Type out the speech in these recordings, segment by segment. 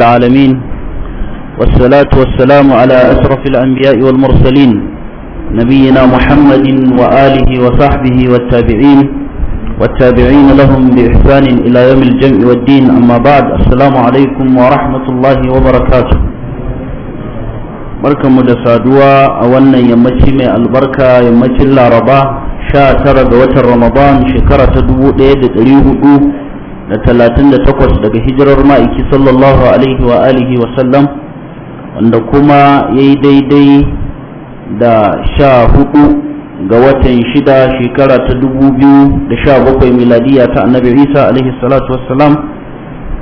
العالمين والصلاة والسلام على أشرف الأنبياء والمرسلين نبينا محمد وآله وصحبه والتابعين والتابعين لهم بإحسان إلى يوم الجمع والدين أما بعد السلام عليكم ورحمة الله وبركاته barkanmu da saduwa يمشي wannan yammaci mai albarka yammacin laraba sha tara ga watan ramadan shekara ta da talatin da takwas daga hijirar ma'aiki sallallahu alaihi wa alihi wasallam wanda kuma ya yi daidai da sha hudu ga watan shida shekara ta dubu biyu da sha bakwai miladiya ta annabi isa alaihi salatu wassalam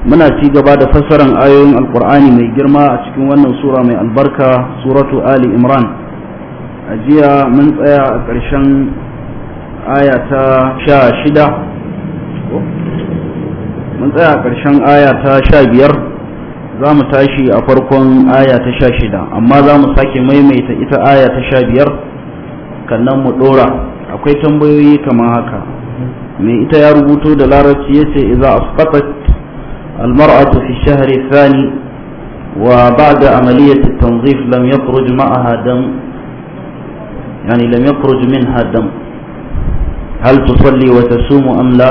muna ci gaba da fassarar ayoyin alkur'ani mai girma a cikin wannan sura mai albarka suratu ali imran a jiya mun tsaya a ƙarshen aya ta sha shida mun tsaya ƙarshen aya ta sha biyar za mu tashi a farkon aya ta sha shida amma za mu sake maimaita ita aya ta sha biyar kannan mu ɗora akwai tambayoyi kamar haka mai ita ya rubuto da larabci ya ce iza asfatat almar'atu fi shahri thani wa ba'da amaliyat at-tanzif lam yakhruj ma'aha dam yani lam yakhruj minha dam هل تصلي وتصوم أم لا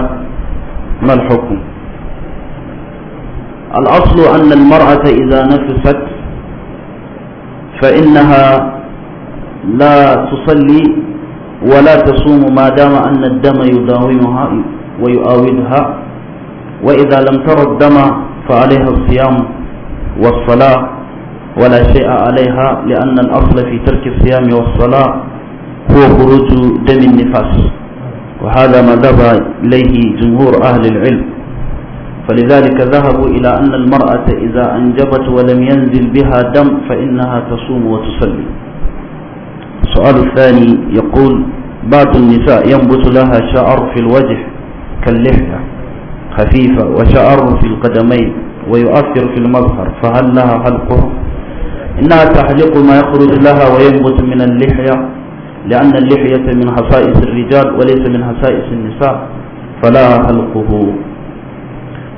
ما الحكم الأصل أن المرأة إذا نفست فإنها لا تصلي ولا تصوم ما دام أن الدم يداومها ويؤاودها وإذا لم تر الدم فعليها الصيام والصلاة ولا شيء عليها لأن الأصل في ترك الصيام والصلاة هو خروج دم النفاس وهذا ما ذهب إليه جمهور أهل العلم فلذلك ذهبوا إلى أن المرأة إذا أنجبت ولم ينزل بها دم فإنها تصوم وتصلي السؤال الثاني يقول بعض النساء ينبت لها شعر في الوجه كاللحية خفيفة وشعر في القدمين ويؤثر في المظهر فهل لها حلقه إنها تحلق ما يخرج لها وينبت من اللحية لأن اللحية من خصائص الرجال وليس من خصائص النساء فلا حلقه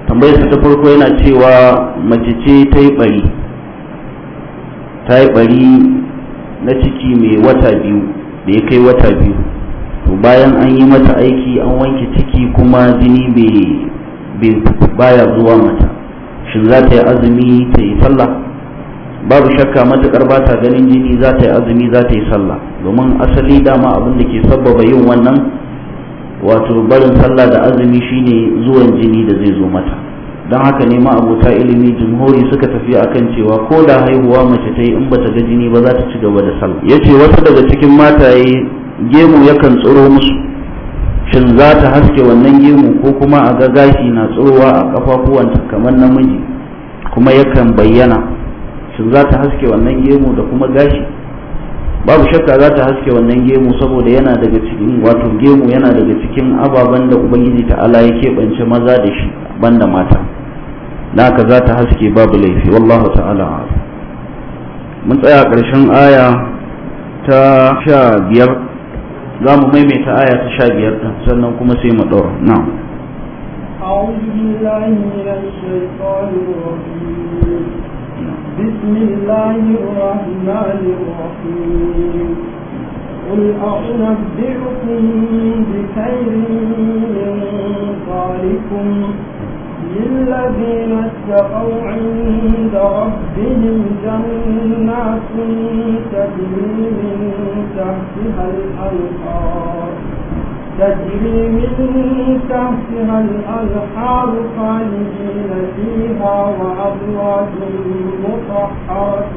tambayar su ta farko yana cewa mace ce ta yi bari ta yi bari na ciki mai wata biyu da ya kai wata biyu to bayan an yi mata aiki an wanke ciki kuma jini bai baya zuwa mata shin za ta yi azumi ta yi sallah babu shakka matukar ba ta ganin jini za ta yi azumi za ta yi sallah domin asali dama abin da ke sabbaba yin wannan wato barin sallah da azumi shine zuwan jini da zai zo mata don haka ne ma abota ilimi jimhori suka tafi a kan cewa ko da haihuwa mace ta yi in bata ga jini ba za ta ci gaba da sallah ce wasu daga cikin mataye gemu yakan tsoro musu shin za ta haske wannan gemu ko kuma a ga gashi na tsorowa a kafafuwanta kamar namiji kuma yakan bayyana shin za ta haske wannan gemu da kuma gashi babu shakka za ta haske wannan gemu saboda yana daga cikin wato gemu yana daga cikin ababen da ubangiji ta'ala ya keɓance maza da shi banda mata na ka za ta haske babu laifi wallahu ta'ala mun tsaya ƙarshen aya ta sha biyar za mu maimaita aya ta sha biyar ɗin sannan kuma sai mu ɗora na أعوذ بالله من الشيطان الرجيم بسم الله الرحمن الرحيم قل أنبئكم بخير من ذلكم للذين اتقوا عند ربهم جنات تجري من تحتها الألقاب تجري من تحتها الأنهار خالدين فيها وأبواب مطهرة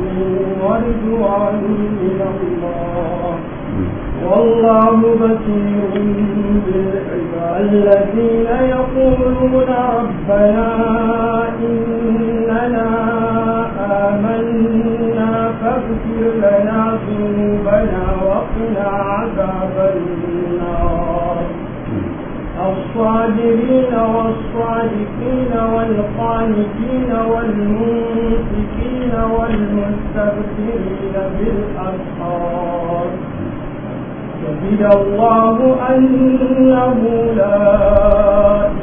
ورضوان من الله والله بصير بالعباد الذين يقولون ربنا إننا آمنا فاغفر لنا ذنوبنا وقنا عذاب النار والصابرين والصادقين والقانتين والمنفقين والمستغفرين بالأسحار شهد الله أنه لا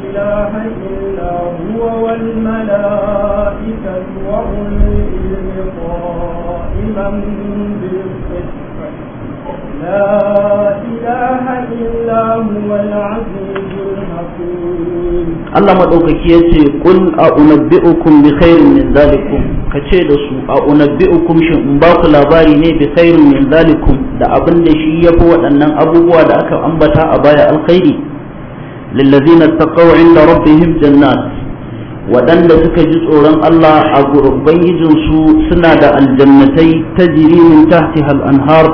إله إلا هو والملائكة وأولي العلم قائما بالقسط لا إله إلا هو العزيز Allah maɗaukaki ya ce kun a unabbi'ukum bi khairin min zalikum ka ce da su a unabbi'ukum shin in ba ku labari ne bi khairin min zalikum da abin da shi ya fi waɗannan abubuwa da aka ambata a baya alkhairi lillazina taqaw inda rabbihim jannat waɗanda suka ji tsoron Allah a gurbangijin su suna da aljannatai ta min tahti hal anhar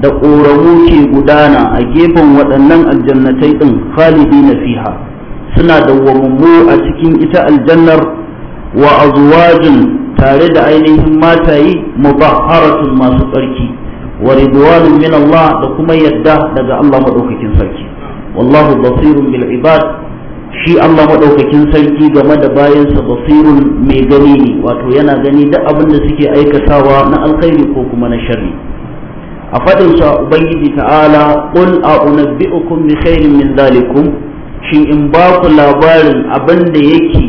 da ƙoramu ke gudana a gefen waɗannan aljannatai ɗin khalidina fiha suna dawwamammu a cikin ita aljannar wa azwajin tare da ainihin matayi mubahharatun masu tsarki wa ridwanun min Allah da kuma yadda daga Allah madaukakin sarki wallahu basirun bil ibad shi Allah madaukakin sarki game da bayansa basirun mai gani ne wato yana gani duk abin da suke aikatawa na alkhairi ko kuma na sharri a fadin sa ubangiji ta'ala qul a bi khairin min zalikum shi in ba ku labarin abin da yake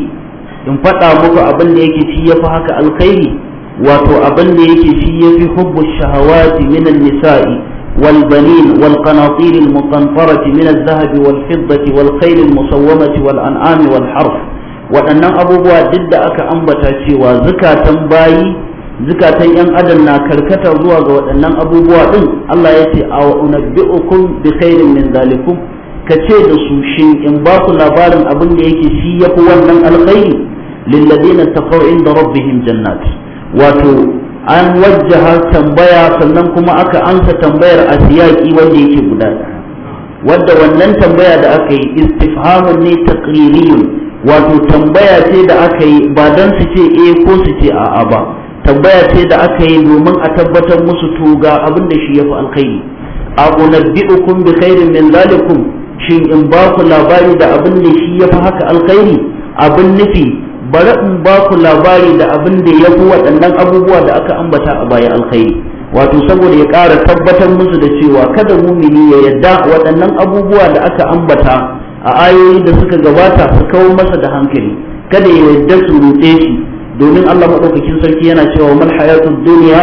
in faɗa muku abin da yake shi ya fi haka alkhairi wato abin da yake shi ya fi hubbu shahawati min al nisa'i wal banin wal qanatir al muqantarati min al dhahab wal fiddati wal khayl al musawwamati wal an'ami wal harf waɗannan abubuwa duk da aka ambata cewa zukatan bayi zukatan yan adam na karkata zuwa ga waɗannan abubuwa din Allah ya ce a unabbi'ukum bi khayrin min zalikum ka ce da su shi in ba ku labarin abin da yake shi ya fi wannan alkhairi lilladina taqaw inda rabbihim jannat wato an wajjaha tambaya sannan kuma aka ansa tambayar a siyaki wanda yake guda wadda wannan tambaya da aka yi istifhamun ne taqririyun wato tambaya ce da aka yi ba dan su ce eh ko su ce a'a ba tambaya ce da aka yi domin a tabbatar musu to ga abin da shi ya fi alkhairi a unabbi'ukum bi khairin min zalikum shin in ba ku labari da abin da shi ya fi haka alkhairi abin nufi bari in ba ku labari da abin da ya fi waɗannan abubuwa da aka ambata a baya alkhairi wato saboda ya ƙara tabbatar musu da cewa kada mumini ya yadda waɗannan abubuwa da aka ambata a ayoyi da suka gabata su kawo masa da hankali kada ya yadda su rutse shi domin Allah maɗaukakin sarki yana cewa mun hayatun duniya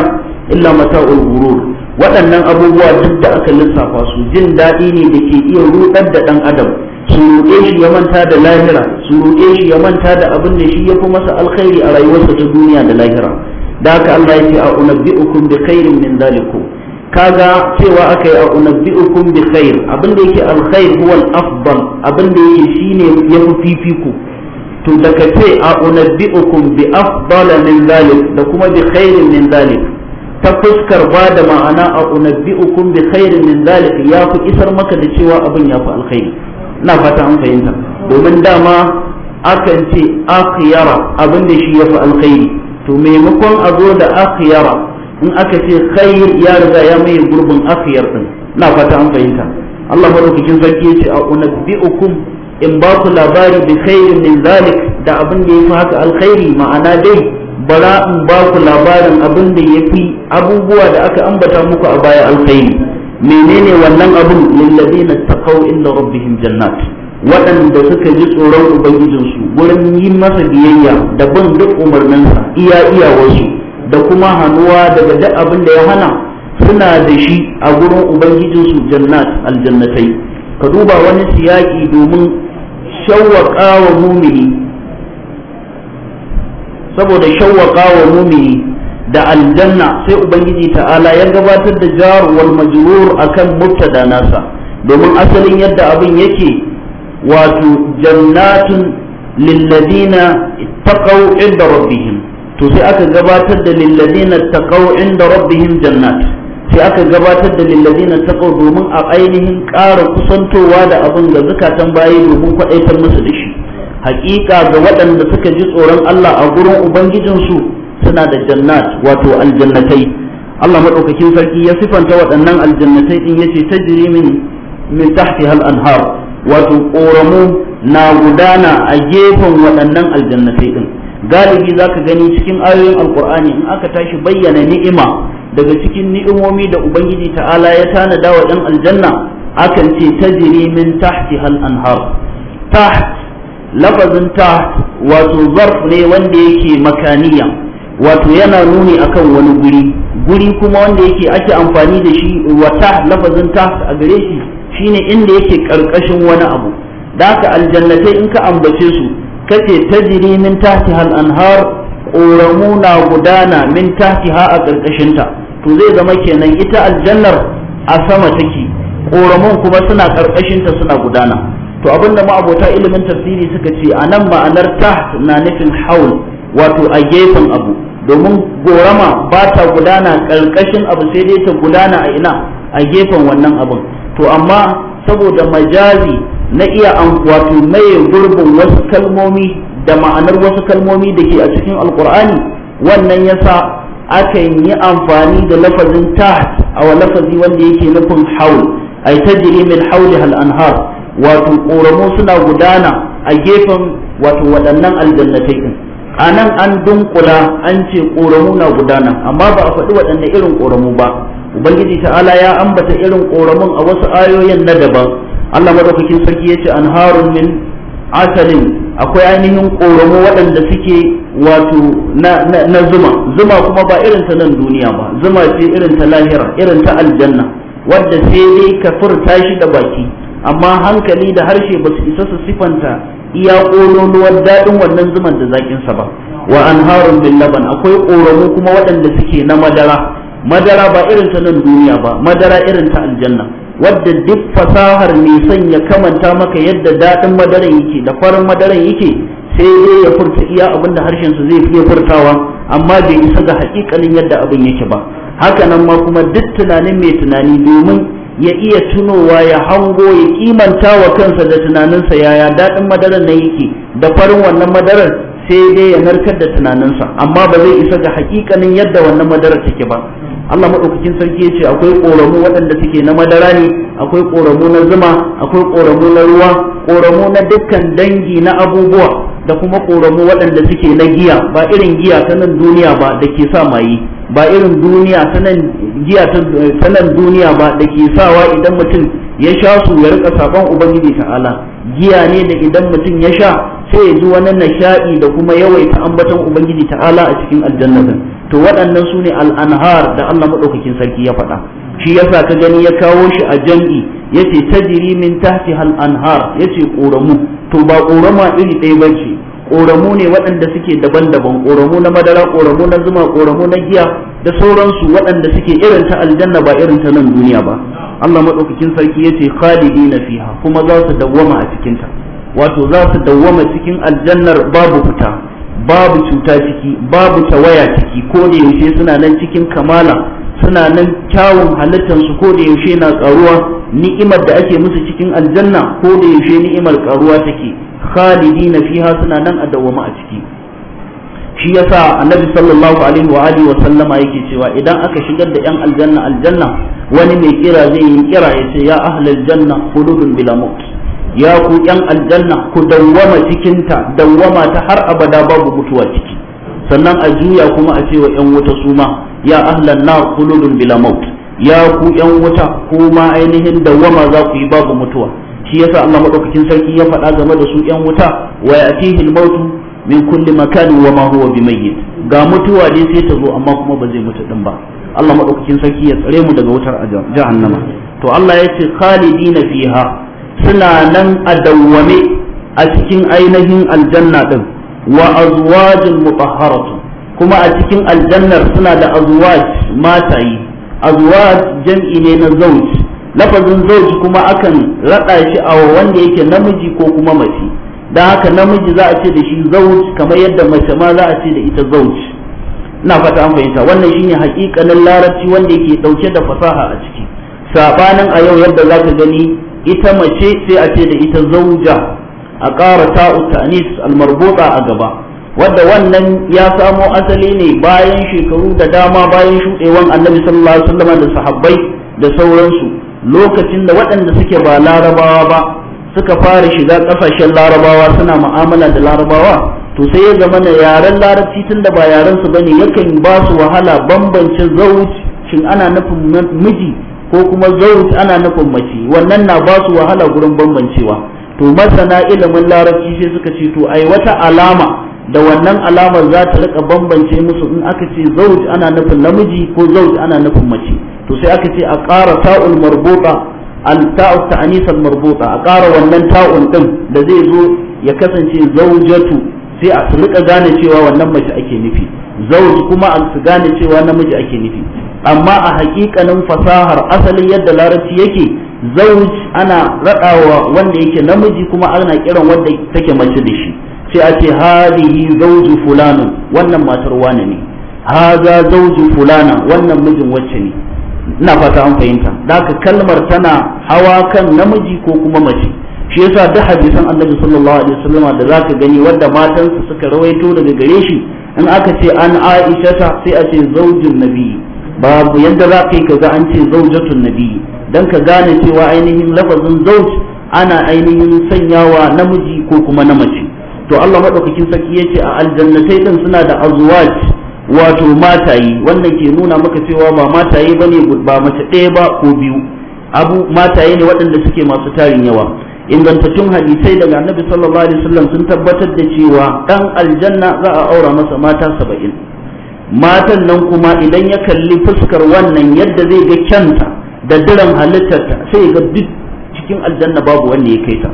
illa mata'ul ghurur waɗannan abubuwa duk da aka lissafa su jin daɗi ne da ke iya rudar da ɗan adam su roƙe shi ya manta da lahira su roƙe shi ya manta da abin da shi ya fi masa alkhairi a rayuwarsa ta duniya da lahira da haka Allah ya ce a unabbi'ukum bi khairin min zalikum kaga cewa aka yi a unabbi'ukum bi khair abin da yake alkhair huwa al-afdal abin da yake shine yafi fifiku to daga ce a unabbi'ukum bi afdala min zalik da kuma bi khairin min zalik ta fuskar ba da ma'ana a unabbi'ukum bi khairin min zalika ya fi isar maka da cewa abin ya fi alkhairi ina fata an fahimta domin dama akan ce akhyara abin da shi ya fi alkhairi to maimakon a zo da akhyara in aka ce khair ya riga ya mai gurbin akhyar din ina fata an fahimta Allah madaukakin sarki ya ce a unabbi unabbi'ukum in ba ku labari bi khairin min zalik da abin da ya fi haka alkhairi ma'ana dai bara in ba ku labarin abin da ya fi abubuwa da aka ambata muku a baya alkhairi menene wannan abin lillazina taqaw inda rabbihim jannat waɗanda suka ji tsoron ubangijinsu wurin yi masa biyayya da bin duk umarninsa iya iyawarsu da kuma hannuwa daga duk abin da ya hana suna da shi a gurin ubangijinsu jannat aljannatai ka duba wani siyaki domin shawwaƙa wa mumini saboda shawwaka wa mumini da aljanna sai ubangiji ta'ala ya gabatar da jar wal majrur akan mubtada nasa domin asalin yadda abin yake wato jannatun lilladina ittaqaw inda rabbihim to sai aka gabatar da lilladina ittaqaw inda rabbihim jannat sai aka gabatar da lilladina ittaqaw domin a ainihin ƙara kusantowa da abin ga zakatan bayi domin kwadaitar musu da haƙiƙa ga waɗanda suka ji tsoron Allah a gurin ubangijinsu suna da jannat wato aljannatai Allah maɗaukakin sarki ya sifanta waɗannan aljannatai ɗin yace tajri min min tahtiha al-anhar wato ƙoramu na gudana a gefen waɗannan aljannatai ɗin galibi zaka gani cikin ayoyin alkur'ani in aka tashi bayyana ni'ima daga cikin ni'imomi da ubangiji ta'ala ya tanada wa ɗan aljanna akan ce jiri min tahtiha hal anhar taht lafazin ta wato zarf ne wanda yake makaniya wato yana nuni akan wani guri guri kuma wanda yake ake amfani da shi wata lafazin ta a gare shi shine inda yake karkashin wani abu da haka aljannatai in ka ambace su kace tajri min tahtiha al-anhar ƙoramu na gudana min tahtiha a ƙarƙashinta to zai zama kenan ita aljannar a sama take ƙoramun kuma suna ƙarƙashinta suna gudana to abinda ma'abota ilimin tafsiri suka ce a nan ma'anar ta na nufin haul wato a gefen abu domin gorama ba ta gudana ƙarƙashin abu sai dai ta gudana a ina a gefen wannan abun to amma saboda majazi na iya an wato maye gurbin wasu kalmomi da ma'anar wasu kalmomi da ke a cikin alkur'ani wannan yasa akan yi amfani da lafazin taht a lafazi wanda yake nufin haul ay tajri min hawliha al-anhar wato ƙoramu suna gudana a gefen wato waɗannan aljannatai a nan an dunkula an ce ƙoramu na gudana amma ba a faɗi waɗanne irin ƙoramu ba ubangiji ta'ala ya ambata irin ƙoramun a wasu ayoyin na daban allah madaukakin sarki ya ce anharun min asalin akwai ainihin ƙoramu waɗanda suke wato na, zuma zuma kuma ba irin ta nan duniya ba zuma ce irin ta lahira irin ta aljanna wadda sai dai ka furta shi da baki amma hankali da harshe ba su isa su sifanta iya ƙoronuwar daɗin wannan zuman da zaƙinsa ba wa anharun bin laban akwai ƙoramu kuma waɗanda suke na madara madara ba irin ta nan duniya ba madara irin ta aljanna wadda duk fasahar mai son ya kamanta maka yadda daɗin madaran yake da farin madaran yake sai dai ya furta iya abin da harshen su zai iya furtawa amma bai isa ga haƙiƙanin yadda abin yake ba haka nan ma kuma duk tunanin mai tunani domin ya iya tunowa ya hango ya kimanta wa kansa da tunaninsa yaya daɗin madarar na yake da farin wannan madarar sai dai ya narkar da tunaninsa amma ba zai isa ga hakikanin yadda wannan madarar take ba Allah maɗaukakin sarki ya ce akwai ƙoramu waɗanda suke na madara ne akwai ƙoramu na zuma akwai ƙoramu na ruwa ƙoramu na dukkan dangi na abubuwa da kuma ƙoramu waɗanda suke na giya ba irin giya ta nan duniya ba da ke sa maye ba irin duniya sanan giya ta sanan duniya ba da ke sawa idan mutum ya sha su ya rika sakon ubangiji ta'ala giya ne da idan mutum ya sha sai ya ji wani nishadi da kuma yawaita ambaton ubangiji ta'ala a cikin aljanna to waɗannan su ne al'anhar da Allah maɗaukakin sarki ya faɗa shi yasa ka gani ya kawo shi a jam'i yace tajri min tahtiha al'anhar anhar yace koramu to ba ƙorama iri ɗaya bace ƙoramu ne waɗanda suke daban-daban ƙoramu na madara ƙoramu na zuma ƙoramu na giya da sauransu waɗanda suke irin ta aljanna ba irin ta nan duniya ba Allah maɗaukakin sarki ya na fi fiha kuma za su dawwama a cikinta. wato za su dawwama cikin aljannar babu fita babu cuta ciki babu tawaya ciki ko da yaushe suna nan cikin kamala suna nan kyawun halittar su ko da yaushe na karuwa ni'imar da ake musu cikin aljanna ko da yaushe ni'imar karuwa take na fiha suna nan adawama a ciki shi yasa annabi sallallahu alaihi wa alihi wa sallama yake cewa idan aka shigar da yan aljanna aljanna wani mai kira zai yi kira ya ce ya ahlal janna khuludun bila maut ya ku yan aljanna ku dawwama ta dawwama ta har abada babu mutuwa ciki sannan a juya kuma a cewa yan wuta su ma ya ahlan na kulubun bila maut ya ku yan wuta ma ainihin dawama za ku yi babu mutuwa shi yasa Allah madaukakin sarki ya faɗa game da su yan wuta wa ya'tihi al min kulli makan wa ma huwa bimayyit ga mutuwa ne sai ta zo amma kuma ba zai mutu din ba Allah madaukakin sarki ya tsare mu daga wutar jahannama to Allah ya ce khalidina fiha suna nan a dawwame a cikin ainihin aljanna din wa azwajun mutahharatu kuma a cikin aljannar suna da azwaj matayi azwaj jam'i ne na zauj lafazin zauj kuma akan rada shi a wanda yake namiji ko kuma mace da haka namiji za a ce da shi zauj kamar yadda mace ma za a ce da ita zauj ina fata an fahimta wannan shine haƙiƙanin larabci wanda yake dauke da fasaha a ciki sabanin a yau yadda zaka gani ita mace sai a ce da ita zauja a ƙara ta'u tanis almarbuta a gaba wadda wannan ya samo asali ne bayan shekaru da dama bayan shuɗewan annabi sallallahu alaihi wasallam da sahabbai da sauransu lokacin da waɗanda suke ba larabawa ba suka fara shiga ƙasashen larabawa suna mu'amala da larabawa to sai ya zama na yaren larabci tun da ba yaren su bane yakan ba su wahala bambance zauj shin ana nufin miji ko kuma zauj ana nufin mace wannan na ba su wahala gurin bambancewa to masana ilimin larabci sai suka ce to ai wata alama da wannan alamar za ta rika bambance musu in aka ce zauj ana nufin namiji ko zauj ana nufin mace to sai aka ce a ƙara ta'ul marbuta al ta'u ta'anisal marbuta a ƙara wannan ta'un din da zai zo ya kasance zaujatu sai a rika gane cewa wannan mace ake nufi zauj kuma a su gane cewa namiji ake nufi amma a haƙiƙanin fasahar asalin yadda larabci yake zauj ana raɗawa wanda yake namiji kuma ana kiran wanda take mace da shi sai a ce hadihi zauju fulanu wannan matar wane ne haza zauju fulana wannan mijin wacce ne ina fata an fahimta haka kalmar tana hawa kan namiji ko kuma mace shi yasa duk hadisan annabi sallallahu alaihi wasallam da zaka gani wanda matansa suka rawaito daga gare shi in aka ce an aisha sai a ce zaujin nabi babu yadda za ka yi kaza an ce zaujatun nabi don ka gane cewa ainihin lafazin zauj ana ainihin sanyawa namiji ko kuma na mace to Allah madaukakin sarki yace a aljannatai din suna da azwaj wato matayi wannan ke nuna maka cewa ba mataye bane ba mace ɗaya ba ko biyu abu mataye ne waɗanda suke masu tarin yawa ingantattun hadisai daga annabi sallallahu alaihi wasallam sun tabbatar da cewa ɗan aljanna za a aura masa mata saba'in matan nan kuma idan ya kalli fuskar wannan yadda zai ga kyanta daddaren halittarta sai ga duk cikin aljanna babu wanda ya kai ta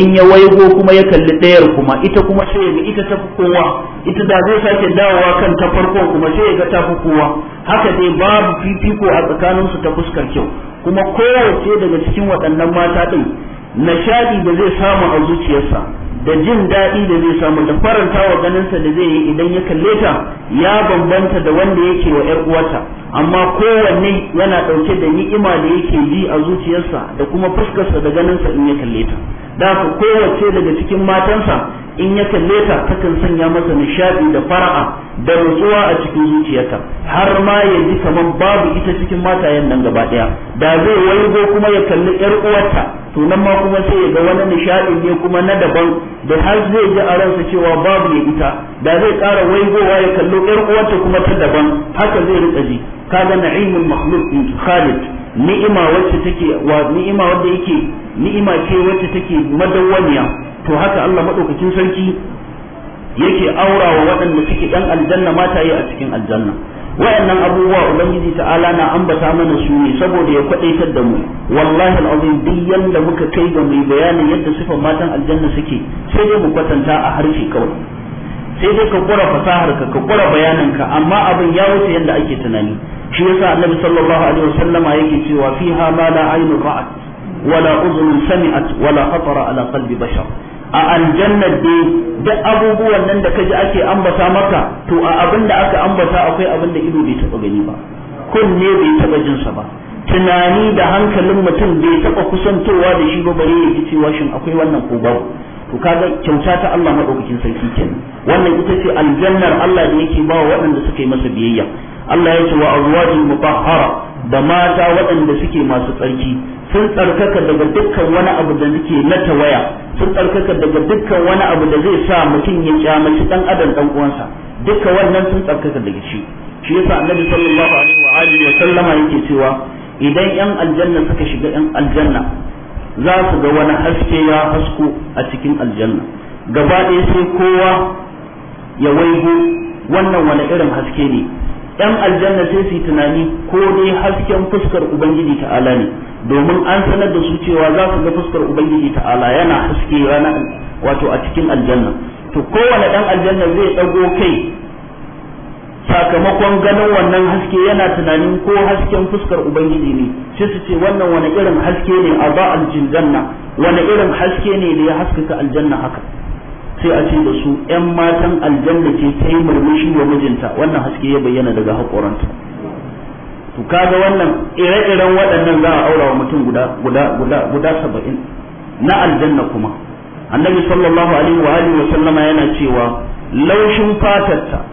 in ya waigo kuma ya kalli ɗayar kuma ita kuma sai ga ita ta kowa ita da zai sake dawowa kan ta farko kuma sai ga ta kowa haka dai babu fifiko a tsakanin su ta fuskar kyau kuma kowace daga cikin waɗannan mata ɗin nashaɗi da zai samu a zuciyarsa da jin daɗi da zai samu da farantawa ganinsa da zai yi idan ya kalle ta ya bambanta da wanda yake wa 'yar uwarta amma kowanne yana ɗauke da ni'ima da yake ji a zuciyarsa da kuma fuskarsa da sa in ya kalle ta da ka kowace daga cikin matansa in ya kalle ta takan sanya masa nishaɗi da fara'a da nutsuwa a cikin zuciyarta har ma ya ji kamar babu ita cikin matayen nan gaba ɗaya da zai waigo kuma ya kalli ƴar uwarta to nan ma kuma sai ya ga wani nishaɗi ne kuma na daban da har zai ji a ransa cewa babu ya ita da zai ƙara waigowa ya kalli ƴar uwarta kuma ta daban haka zai rika ji kaga na'imul makhluq in khalid ni'ima wacce take wa ni'ima wanda yake ni'ima ce take madawwamiya to haka Allah madaukakin sarki yake wa waɗanda suke dan aljanna mataye a cikin aljanna wayannan abubuwa ubangiji ta'ala na ambata mana su ne saboda ya kwadaitar da mu wallahi alazim duk yanda muka kai ga mai bayanin yadda sifan matan aljanna suke sai dai mu kwatanta a harshe kawai sai dai ka kura fasahar ka ka kura bayanin ka amma abin ya wuce yadda ake tunani shi yasa annabi sallallahu alaihi wasallama yake cewa fiha ma la aynu ra'at wala udhun sami'at wala khatara ala qalbi bashar a aljanna dai duk abubuwan nan da kaji ake ambata maka to a abin da aka ambata akwai abin da ido bai taba gani ba ne bai taba jin sa ba tunani da hankalin mutum bai taba kusantowa da shi ba bare ya ji cewa shin akwai wannan ko babu Ku kaga kyauta ta Allah madaukakin sarki kenan wannan ita ce aljannar Allah da yake ba waɗanda suka yi masa biyayya Allah ya ce wa azwajul mutahhara da mata waɗanda suke masu tsarki sun tsarkaka daga dukkan wani abu da suke na tawaya sun tsarkaka daga dukkan wani abu da zai sa mutum ya kyamaci dan adam dan uwansa dukkan wannan sun tsarkaka daga shi shi yasa annabi sallallahu alaihi wa alihi wa sallama yake cewa idan yan aljanna suka shiga yan aljanna za su ga wani haske ya hasko a cikin aljanna gaba ɗaya sai kowa ya waigo wannan wani irin haske ne ɗan aljanna sai su yi tunani ko dai hasken fuskar ubangiji ta'ala ne domin an sanar da su cewa za su ga fuskar ubangiji ta'ala yana haske rana wato a cikin aljanna to kowane ɗan aljanna zai ɗago kai sakamakon ganin wannan haske yana tunanin ko hasken fuskar ubangiji ne sai su ce wannan wani irin haske ne a ba aljinjanna wani irin haske ne da ya haskaka aljanna haka sai a ce da su yan matan aljanna ce ta yi murmushi wa mijinta wannan haske ya bayyana daga haƙoranta to kaga wannan ire-iren waɗannan za a aura wa mutum guda guda guda guda saba'in na aljanna kuma annabi sallallahu alaihi wa alihi wa sallama yana cewa laushin fatarta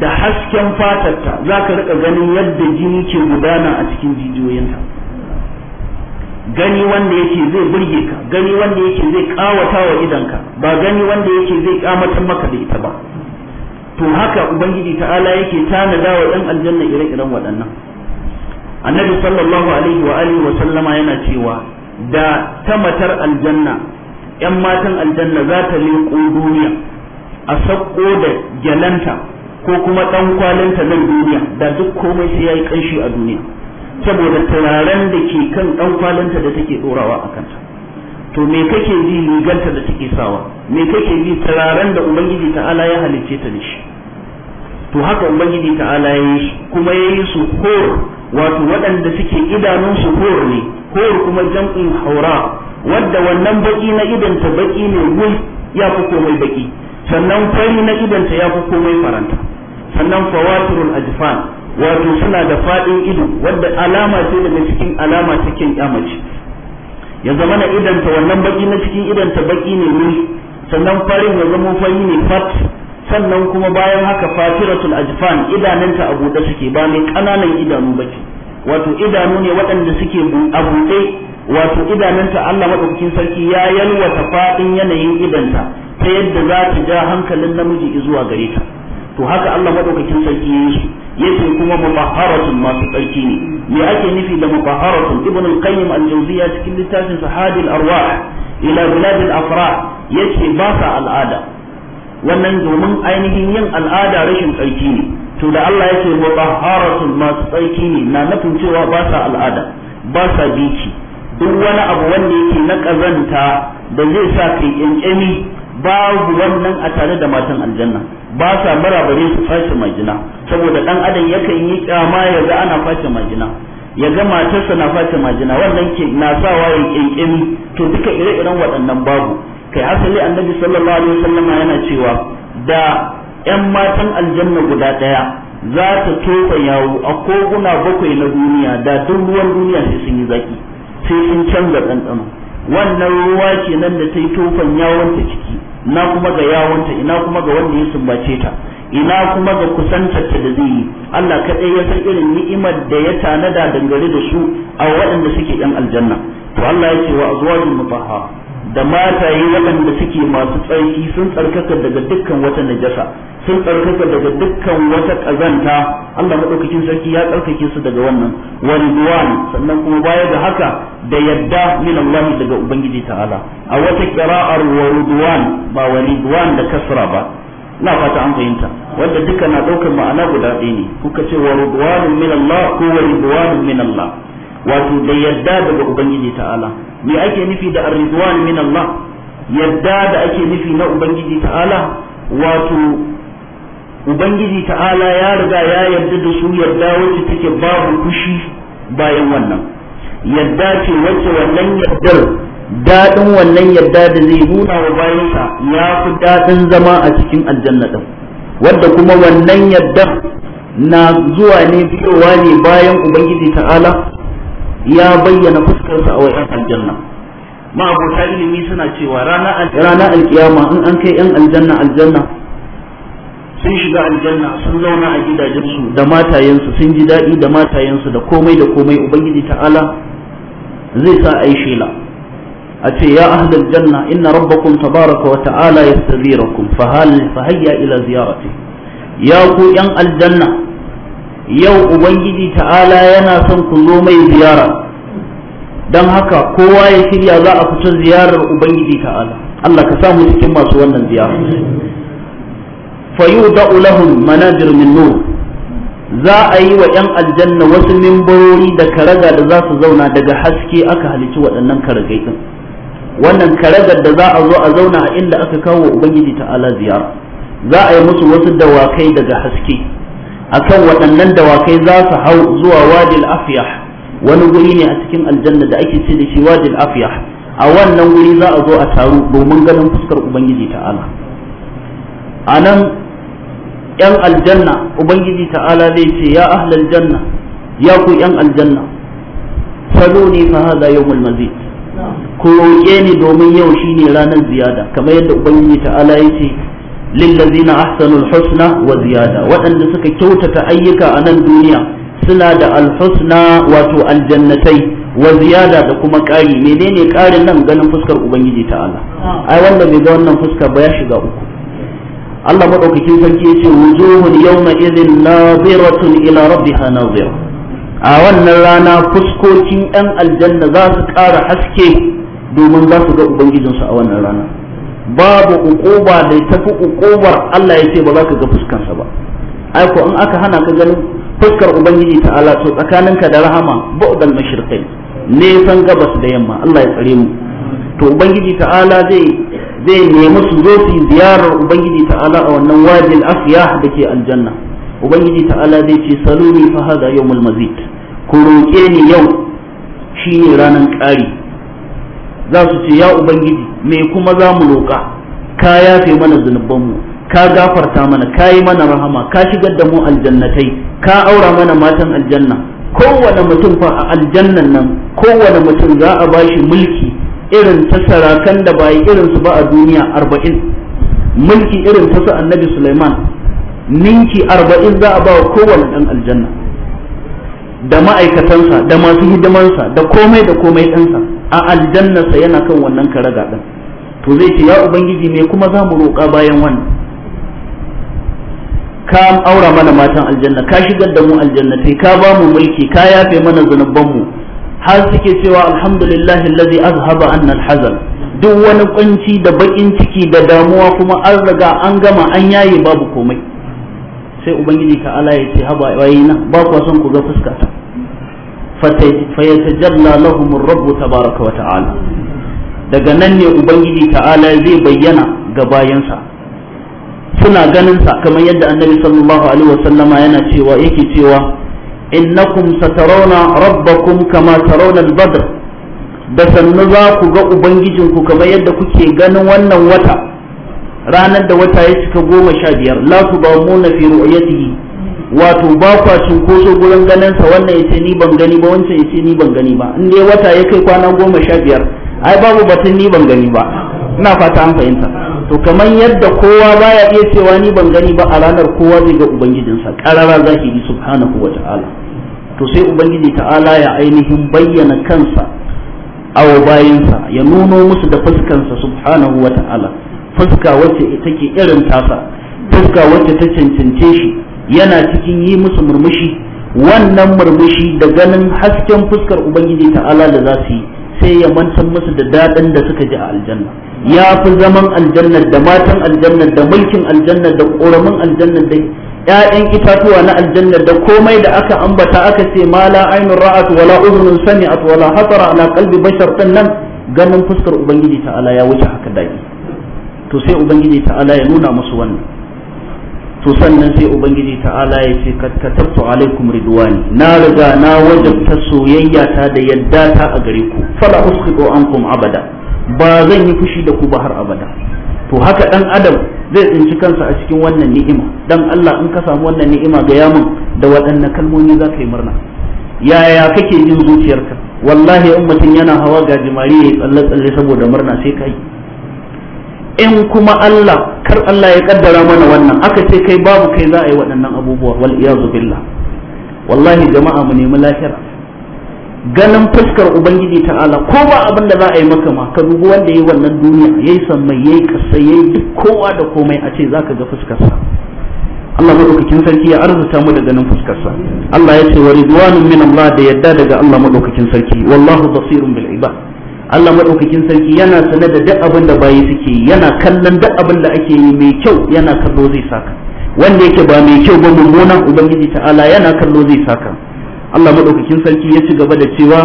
da hasken fatarta za ka rika ganin yadda jini ke gudana a cikin jijiyoyinta gani wanda yake zai burge ka gani wanda yake zai kawata wa idanka ba gani wanda yake zai kamatar maka da ita ba to haka ubangiji ta'ala yake tanada wa dan aljanna ire-iren waɗannan annabi sallallahu alaihi wa alihi wa sallama yana cewa da ta matar aljanna yan matan aljanna za ta leƙo duniya a sakko da gyalanta ko kuma dan kwalinta nan duniya da duk komai sai yayi kanshi a duniya saboda turaren da ke kan dan kwalinta da take dorawa a kanta to me kake ji liganta da take sawa me kake ji turaren da ubangiji ta'ala ya halicce ta dashi to haka ubangiji ta'ala ya yi kuma ya yi su hor wato waɗanda suke idanun su hor ne hor kuma jam'in haura wadda wannan baki na idan ta baki ne gul ya fi komai baki sannan fari na idanta ya fi komai faranta sannan fawatirul ajfan wato suna da fadin ido wanda alama ce daga cikin alama ta kin kyamaci ya zama na idanta wannan baki na cikin idanta baki ne ne sannan farin ya zama fari ne fat sannan kuma bayan haka fatiratul ajfan idananta a buɗe suke ba mai kananan idanu ce wato idanu ne waɗanda suke a buɗe wato idananta Allah madaukakin sarki ya yalwata fadin yanayin idanta ta yadda za ta ja hankalin namiji zuwa gare ta to haka Allah madaukakin sarki ya yi yace kuma mutahharatun masu tsarki ne me ake nufi da mubaharatun ibn al-qayyim al-jawziyya cikin littafin sahadil arwah ila bilad al-afrah yace ba sa al'ada wannan domin ainihin yin al'ada rashin tsarki ne to da Allah yake mutahharatun masu tsarki ne na nufin cewa ba sa al'ada ba sa biki duk wani abu wanda yake na kazanta da zai sa kai kyankyami babu wannan a tare da matan aljanna ba sa marabare su fashe majina saboda dan adam yakan yi kyama ya ga ana fashe majina ya ga matarsa na fashe majina wannan ke na sa ya kinkimi to duka ire-iren waɗannan babu kai asali annabi sallallahu alaihi wasallam yana cewa da yan matan aljanna guda ɗaya za ta tofa yawo a koguna bakwai na duniya da duk ruwan duniya sai sun yi zaki sai sun canza ɗanɗano wannan ruwa kenan da ta yi tofan yawonta ciki ina kuma ga yawonta ina kuma ga wanda ya sumbace ta ina kuma ga kusantarta da zai yi Allah kaɗai ya san irin ni'imar da ya tanada dangare da su a waɗanda suke ɗan aljanna to Allah ya ce wa azwajul mutahhara da mataye waɗanda suke masu tsarki sun tsarkaka daga dukkan wata najasa sun tsarkaka daga dukkan wata ƙazanta Allah maɗaukakin sarki ya tsarkake su daga wannan wa ridwan sannan kuma baya da haka da yadda min Allah daga ubangiji ta'ala a wata qira'ar wa ridwan ba wa ridwan da kasra ba ina fata an fahimta wanda duka na ɗaukar ma'ana guda ɗaya ne kuka ce wa ridwanun min Allah ko wa ridwanun min Allah wato da yadda daga ubangiji ta'ala me ake nufi da ar-ridwan min Allah Yadda da ake nufi na ubangiji ta'ala wato ubangiji ta'ala ya riga ya yarda da su yadda wacce take babu kushi bayan wannan Yadda ce wacce wannan yadda daɗin wannan yadda da zai nuna wa bayansa ya fi daɗin zama a cikin aljanna ɗin wadda kuma wannan yadda na zuwa ne biyowa ne bayan ubangiji ta'ala ya bayyana fuskarsa a wayan aljanna ma'abota ilimi suna cewa rana alkiyama in an kai 'yan aljanna aljanna sun shiga aljanna sun zauna a gidajensu da matayensu sun ji daɗi da matayensu da komai da komai ubangiji ta'ala zai sa a yi shela a ce ya ahlal janna inna rabbakum tabaraka wa ta'ala yastazirakum fa hal fa hayya ila ziyarati ya ku yan aljanna yau ubangiji ta'ala yana son ku zo mai ziyara don haka kowa ya shirya za a fita ziyarar ubangiji ta'ala Allah ka samu cikin masu wannan ziyara fayu da ulahun manajir min nur za a yi wa 'yan aljanna wasu mimbarori da karaga da za su zauna daga haske aka halici waɗannan karagai ɗin wannan karagar da za a zo a zauna a inda aka kawo ubangiji ta'ala ziyara za a yi musu wasu dawakai daga haske akan waɗannan dawakai za su hau zuwa wadil afiyah wani guri ne a cikin aljanna da ake ce da shi wadil afiyah a wannan guri za a zo a taru domin ganin fuskar ubangiji ta'ala a nan yan aljanna ubangiji ta'ala zai ce ya ahlal janna ya ku yan aljanna saluni fa hadha yawmul mazid ku roƙe ni domin yau shine ranar ziyada kamar yadda ubangiji ta'ala ya ce lillazina ahsanul husna wa waɗanda suka kyautata ayyuka a nan duniya suna da alhusna wato aljannatai wa da kuma ƙari menene ƙarin nan ganin fuskar ubangiji ta'ala ai wanda bai ga wannan fuska ba ya shiga uku Allah madaukakin sarki yace wujuhun yawma idhin nadiratun ila rabbiha nadira a wannan rana fuskokin ɗan aljanna za su ƙara haske domin za su ga ubangijinsu a wannan rana babu ukuba da tafi ukubar Allah ya ce ba za ka ga fuskarsa ba ai ko in aka hana ka ganin fuskar ubangiji ta'ala to tsakaninka da rahama bu'dal mashriqai san gabas da yamma Allah ya tsare mu to ubangiji ta'ala zai zai nemi su zo su ziyarar ubangiji ta'ala a wannan wajin afiyah da ke aljanna ubangiji ta'ala zai ce saluni fa hada yawmul mazid ku roke ni yau shine ranan ƙari za su ce ya ubangiji me kuma za mu roƙa ka yafe mana zunubanmu ka gafarta mana ka yi mana rahama ka shigar da mu aljannatai ka aura mana matan aljanna kowane mutum fa a aljannan nan kowane mutum za a bashi mulki irin ta sarakan da ba irin su ba a duniya arba'in mulki irin ta su annabi suleiman ninki arba'in za a ba wa kowane ɗan aljanna da ma'aikatansa da masu hidimansa da komai da komai ɗansa a aljannarsa yana kan wannan karaga din to zai ce ya ubangiji me kuma za mu roƙa bayan wannan ka aura mana matan aljanna ka shigar da mu aljannatai ka ba mu mulki ka yafe mana zunubanmu har suke cewa alhamdulillahi allazi azhaba anna alhazan duk wani kwanci da bakin ciki da damuwa kuma an riga an gama an yaye babu komai sai ubangiji ka ala ya ce haba wayi na ba kwa son ku ga fuskata fayatajalla lahum rabbu tabaraka wa daga nan ne ubangiji ta'ala zai bayyana ga bayansa suna ganin sa kamar yadda annabi sallallahu alaihi wasallama yana cewa yake cewa innakum satarawna rabbakum kama tarawna al-badr da sannu za ku ga ubangijinku kamar yadda kuke ganin wannan wata ranar da wata ya cika goma sha biyar la tudamuna fi ru'yatihi wato ba kwa cunkoso gurin ganin sa wannan yace ni ban gani ba wancan yace ni ban gani ba in dai wata ya kai kwana goma sha biyar ai babu batun ni ban gani ba ina fata an fahimta to kamar yadda kowa baya iya cewa ni ban gani ba a ranar kowa zai ga ubangijinsa karara yi subhanahu wa ta'ala to sai ubangiji ta'ala ya ainihin bayyana kansa a bayansa ya nuno musu da fuskansa subhanahu wa ta'ala fuska wacce take irin tasa fuska wacce ta cancance shi yana cikin yi musu murmushi wannan murmushi da ganin hasken fuskar ubangiji ta'ala da za su yi sai ya manta musu da daɗin da suka ji a aljanna ya fi zaman aljannar da matan aljannar da mulkin aljannar da ƙoramin aljannar da ‘ya'yan itatuwa na aljannar da komai da aka ambata aka ce ma la ainun ra'at wala uzunun sami'at wala hatara ala qalbi bashar nan ganin fuskar ubangiji ta'ala ya wuce haka daɗi. to sai ubangiji ta'ala ya nuna musu wannan to sannan sai ubangiji ta'ala ya ce katabtu alaikum ridwani na riga na wajabta soyayya ta da yadda ta a gare ku fala usqitu ankum abada ba zan yi fushi da ku ba har abada to haka dan adam zai tsinci kansa a cikin wannan ni'ima dan Allah in ka samu wannan ni'ima ga yamin da waɗannan kalmomi za ka yi murna yaya kake jin zuciyarka wallahi in mutum yana hawa ga jimari ya tsalle tsalle saboda murna sai kai in kuma Allah kar Allah ya kaddara mana wannan aka ce kai babu kai za a yi waɗannan abubuwa wal iyazu billah wallahi jama'a mu nemi lahira ganin fuskar ubangiji ta'ala ko ba abin da za a yi maka ma ka dubi wanda yayi wannan duniya yayi sammai yayi kasa yayi duk kowa da komai a ce zaka ga fuskar sa Allah madaukakin sarki ya arzuta mu da ganin fuskar sa Allah ya ce wa ridwanun min Allah da yadda daga Allah madaukakin sarki wallahu basirun bil ibad Allah madaukakin sarki yana sanar da duk abin da bayi suke yana kallon duk abin da ake yi mai kyau yana kallo zai saka wanda yake ba mai kyau ba mummunan ubangiji ta'ala yana kallo zai saka Allah madaukakin sarki ya ci gaba da cewa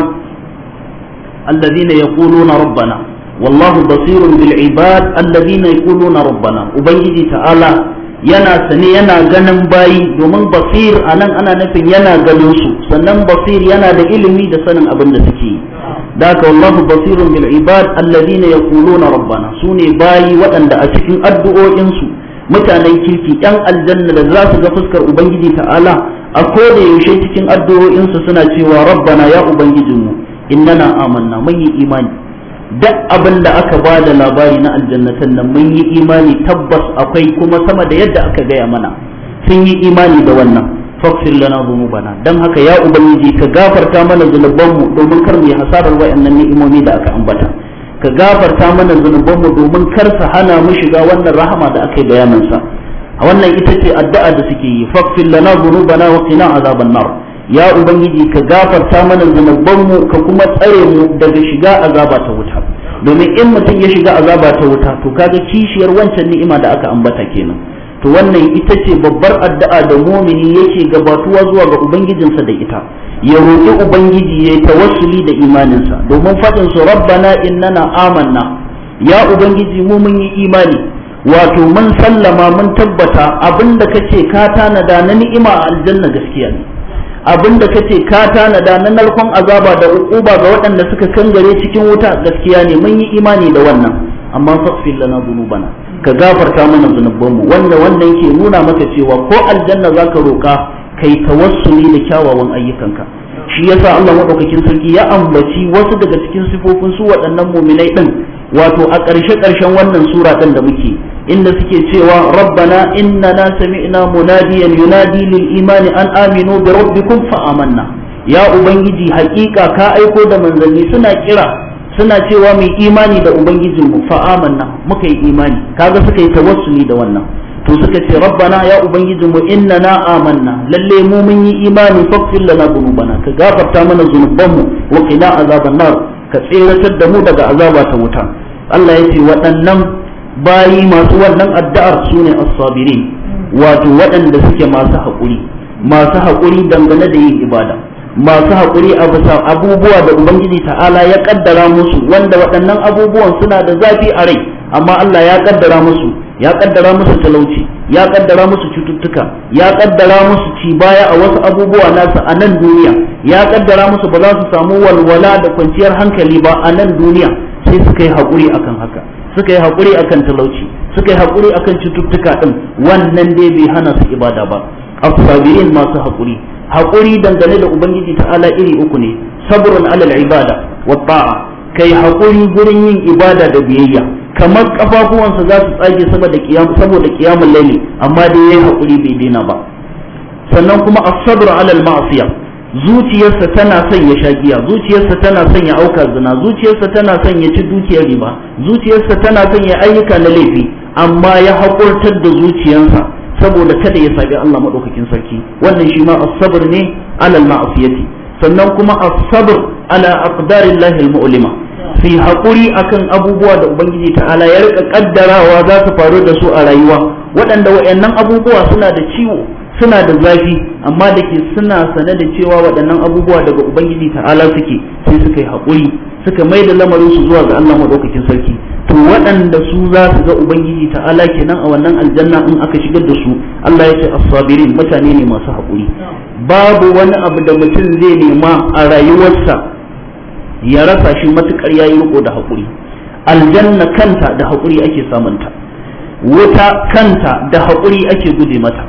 allazina yaquluna rabbana wallahu basirun bil ibad allazina yaquluna rabbana ubangiji ta'ala yana sane yana ganin bayi domin basir anan ana nufin yana ganin su sannan basir yana da ilimi da sanin abin da suke yi ذاك basirun بصير بالعباد الذين يقولون ربنا سوني باي وأن waɗanda a cikin addu'o'insu mutanen kirki ɗan aljanna da za su ga fuskar ubangiji ta'ala a koda yaushe cikin addu'o'insu suna cewa rabbana ya ubangijinmu innana amanna mun yi imani duk abin da aka ba da labari na aljannatan nan mun yi imani tabbas akwai kuma sama da yadda aka gaya mana sun yi imani da wannan faghfir lana dhunubana don haka ya ubangiji ka gafarta mana zunubanmu domin kar mu yi hasarar wa'annan ni'imomi da aka ambata ka gafarta mana zunubanmu domin kar sa hana mu shiga wannan rahama da aka yi bayanin sa a wannan ita ce addu'a da suke yi faghfir lana dhunubana wa qina azaban nar ya ubangiji ka gafarta mana zunubanmu ka kuma tsare mu daga shiga azaba ta wuta domin in mutum ya shiga azaba ta wuta to kaga kishiyar wancan ni'ima da aka ambata kenan to wannan ita ce babbar addu'a da mumini yake gabatuwa zuwa ga ubangijinsa da ita ya roƙi ubangiji ya tawassuli da imaninsa domin faɗin su rabbana innana amanna ya ubangiji mu mun yi imani wato mun sallama mun tabbata abinda kace ka tanada na ni'ima a aljanna gaskiya ne abinda kace ka tanada na narkon azaba da uquba ga waɗanda suka kangare cikin wuta gaskiya ne mun yi imani da wannan amma fasfil lana dhunubana ka gafarta mana zunubanmu wanda wannan ke nuna maka cewa ko aljanna zaka roka kai tawassuli da kyawawan ayyukanka shi yasa Allah madaukakin sarki ya ambaci wasu daga cikin sifofin su waɗannan muminai din wato a ƙarshe ƙarshen wannan sura din da muke inda suke cewa rabbana innana sami'na munadiyan yunadi lil imani an aminu bi rabbikum fa amanna ya ubangiji haƙiƙa ka aiko da manzanni suna kira suna cewa mai imani da ubangijinmu fa amanna muka yi imani kaga suka yi tawassuli da wannan to suka ce rabbana ya ubangijinmu na amanna lalle mu mun yi imani faghfir lana dhunubana ka gafarta mana zunubanmu wa qina azaban nar ka tseratar da mu daga azaba ta wuta Allah ya ce waɗannan bayi masu wannan addu'ar sune as-sabirin wato waɗanda suke masu haƙuri masu haƙuri dangane da yin ibada masu haƙuri a bisa abubuwa da ubangiji ta'ala ya ƙaddara musu wanda waɗannan abubuwan suna da zafi a rai amma Allah ya ƙaddara musu ya ƙaddara musu talauci ya ƙaddara musu cututtuka ya ƙaddara musu ci baya a wasu abubuwa nasu a nan duniya ya ƙaddara musu ba za su samu walwala da kwanciyar hankali ba a nan duniya sai suka yi haƙuri akan haka suka yi haƙuri akan talauci suka yi haƙuri akan cututtuka ɗin wannan dai bai hana su ibada ba as masu haƙuri haƙuri dangane da ubangiji ta'ala iri uku ne sabrun alal ibada wa ta'a kai haƙuri gurin yin ibada da biyayya kamar kafafuwansa za su tsage saboda kiyam saboda kiyamul layli amma da haƙuri bai daina ba sannan kuma as-sabr alal ma'siya zuciyarsa tana son ya sha giya zuciyarsa tana son ya auka zina zuciyarsa tana son ya ci dukiyar riba zuciyarsa tana son ya ayyuka na laifi amma ya haƙurtar da zuciyarsa saboda kada ya sabi Allah madaukakin sarki wannan shi ma as-sabr ne ala al-ma'siyati sannan kuma as-sabr ala aqdarillahi al-mu'lima fi hakuri akan abubuwa da ubangiji ta'ala ya rika kaddarawa za su faru da su a rayuwa waɗanda wayannan abubuwa suna da ciwo suna da zafi amma da ke suna sane da cewa waɗannan abubuwa daga ubangiji ta'ala suke sai suka yi hakuri suka mai da lamarin su zuwa ga Allah madaukakin sarki to waɗanda su za su ga ubangiji ta'ala kenan a wannan aljanna in aka shigar da su Allah ya ce as-sabirin mutane ne masu haƙuri babu wani abu da mutum zai nema a rayuwarsa ya rasa shi matukar yayi riko da haƙuri aljanna kanta da haƙuri ake samunta wuta kanta da haƙuri ake guje mata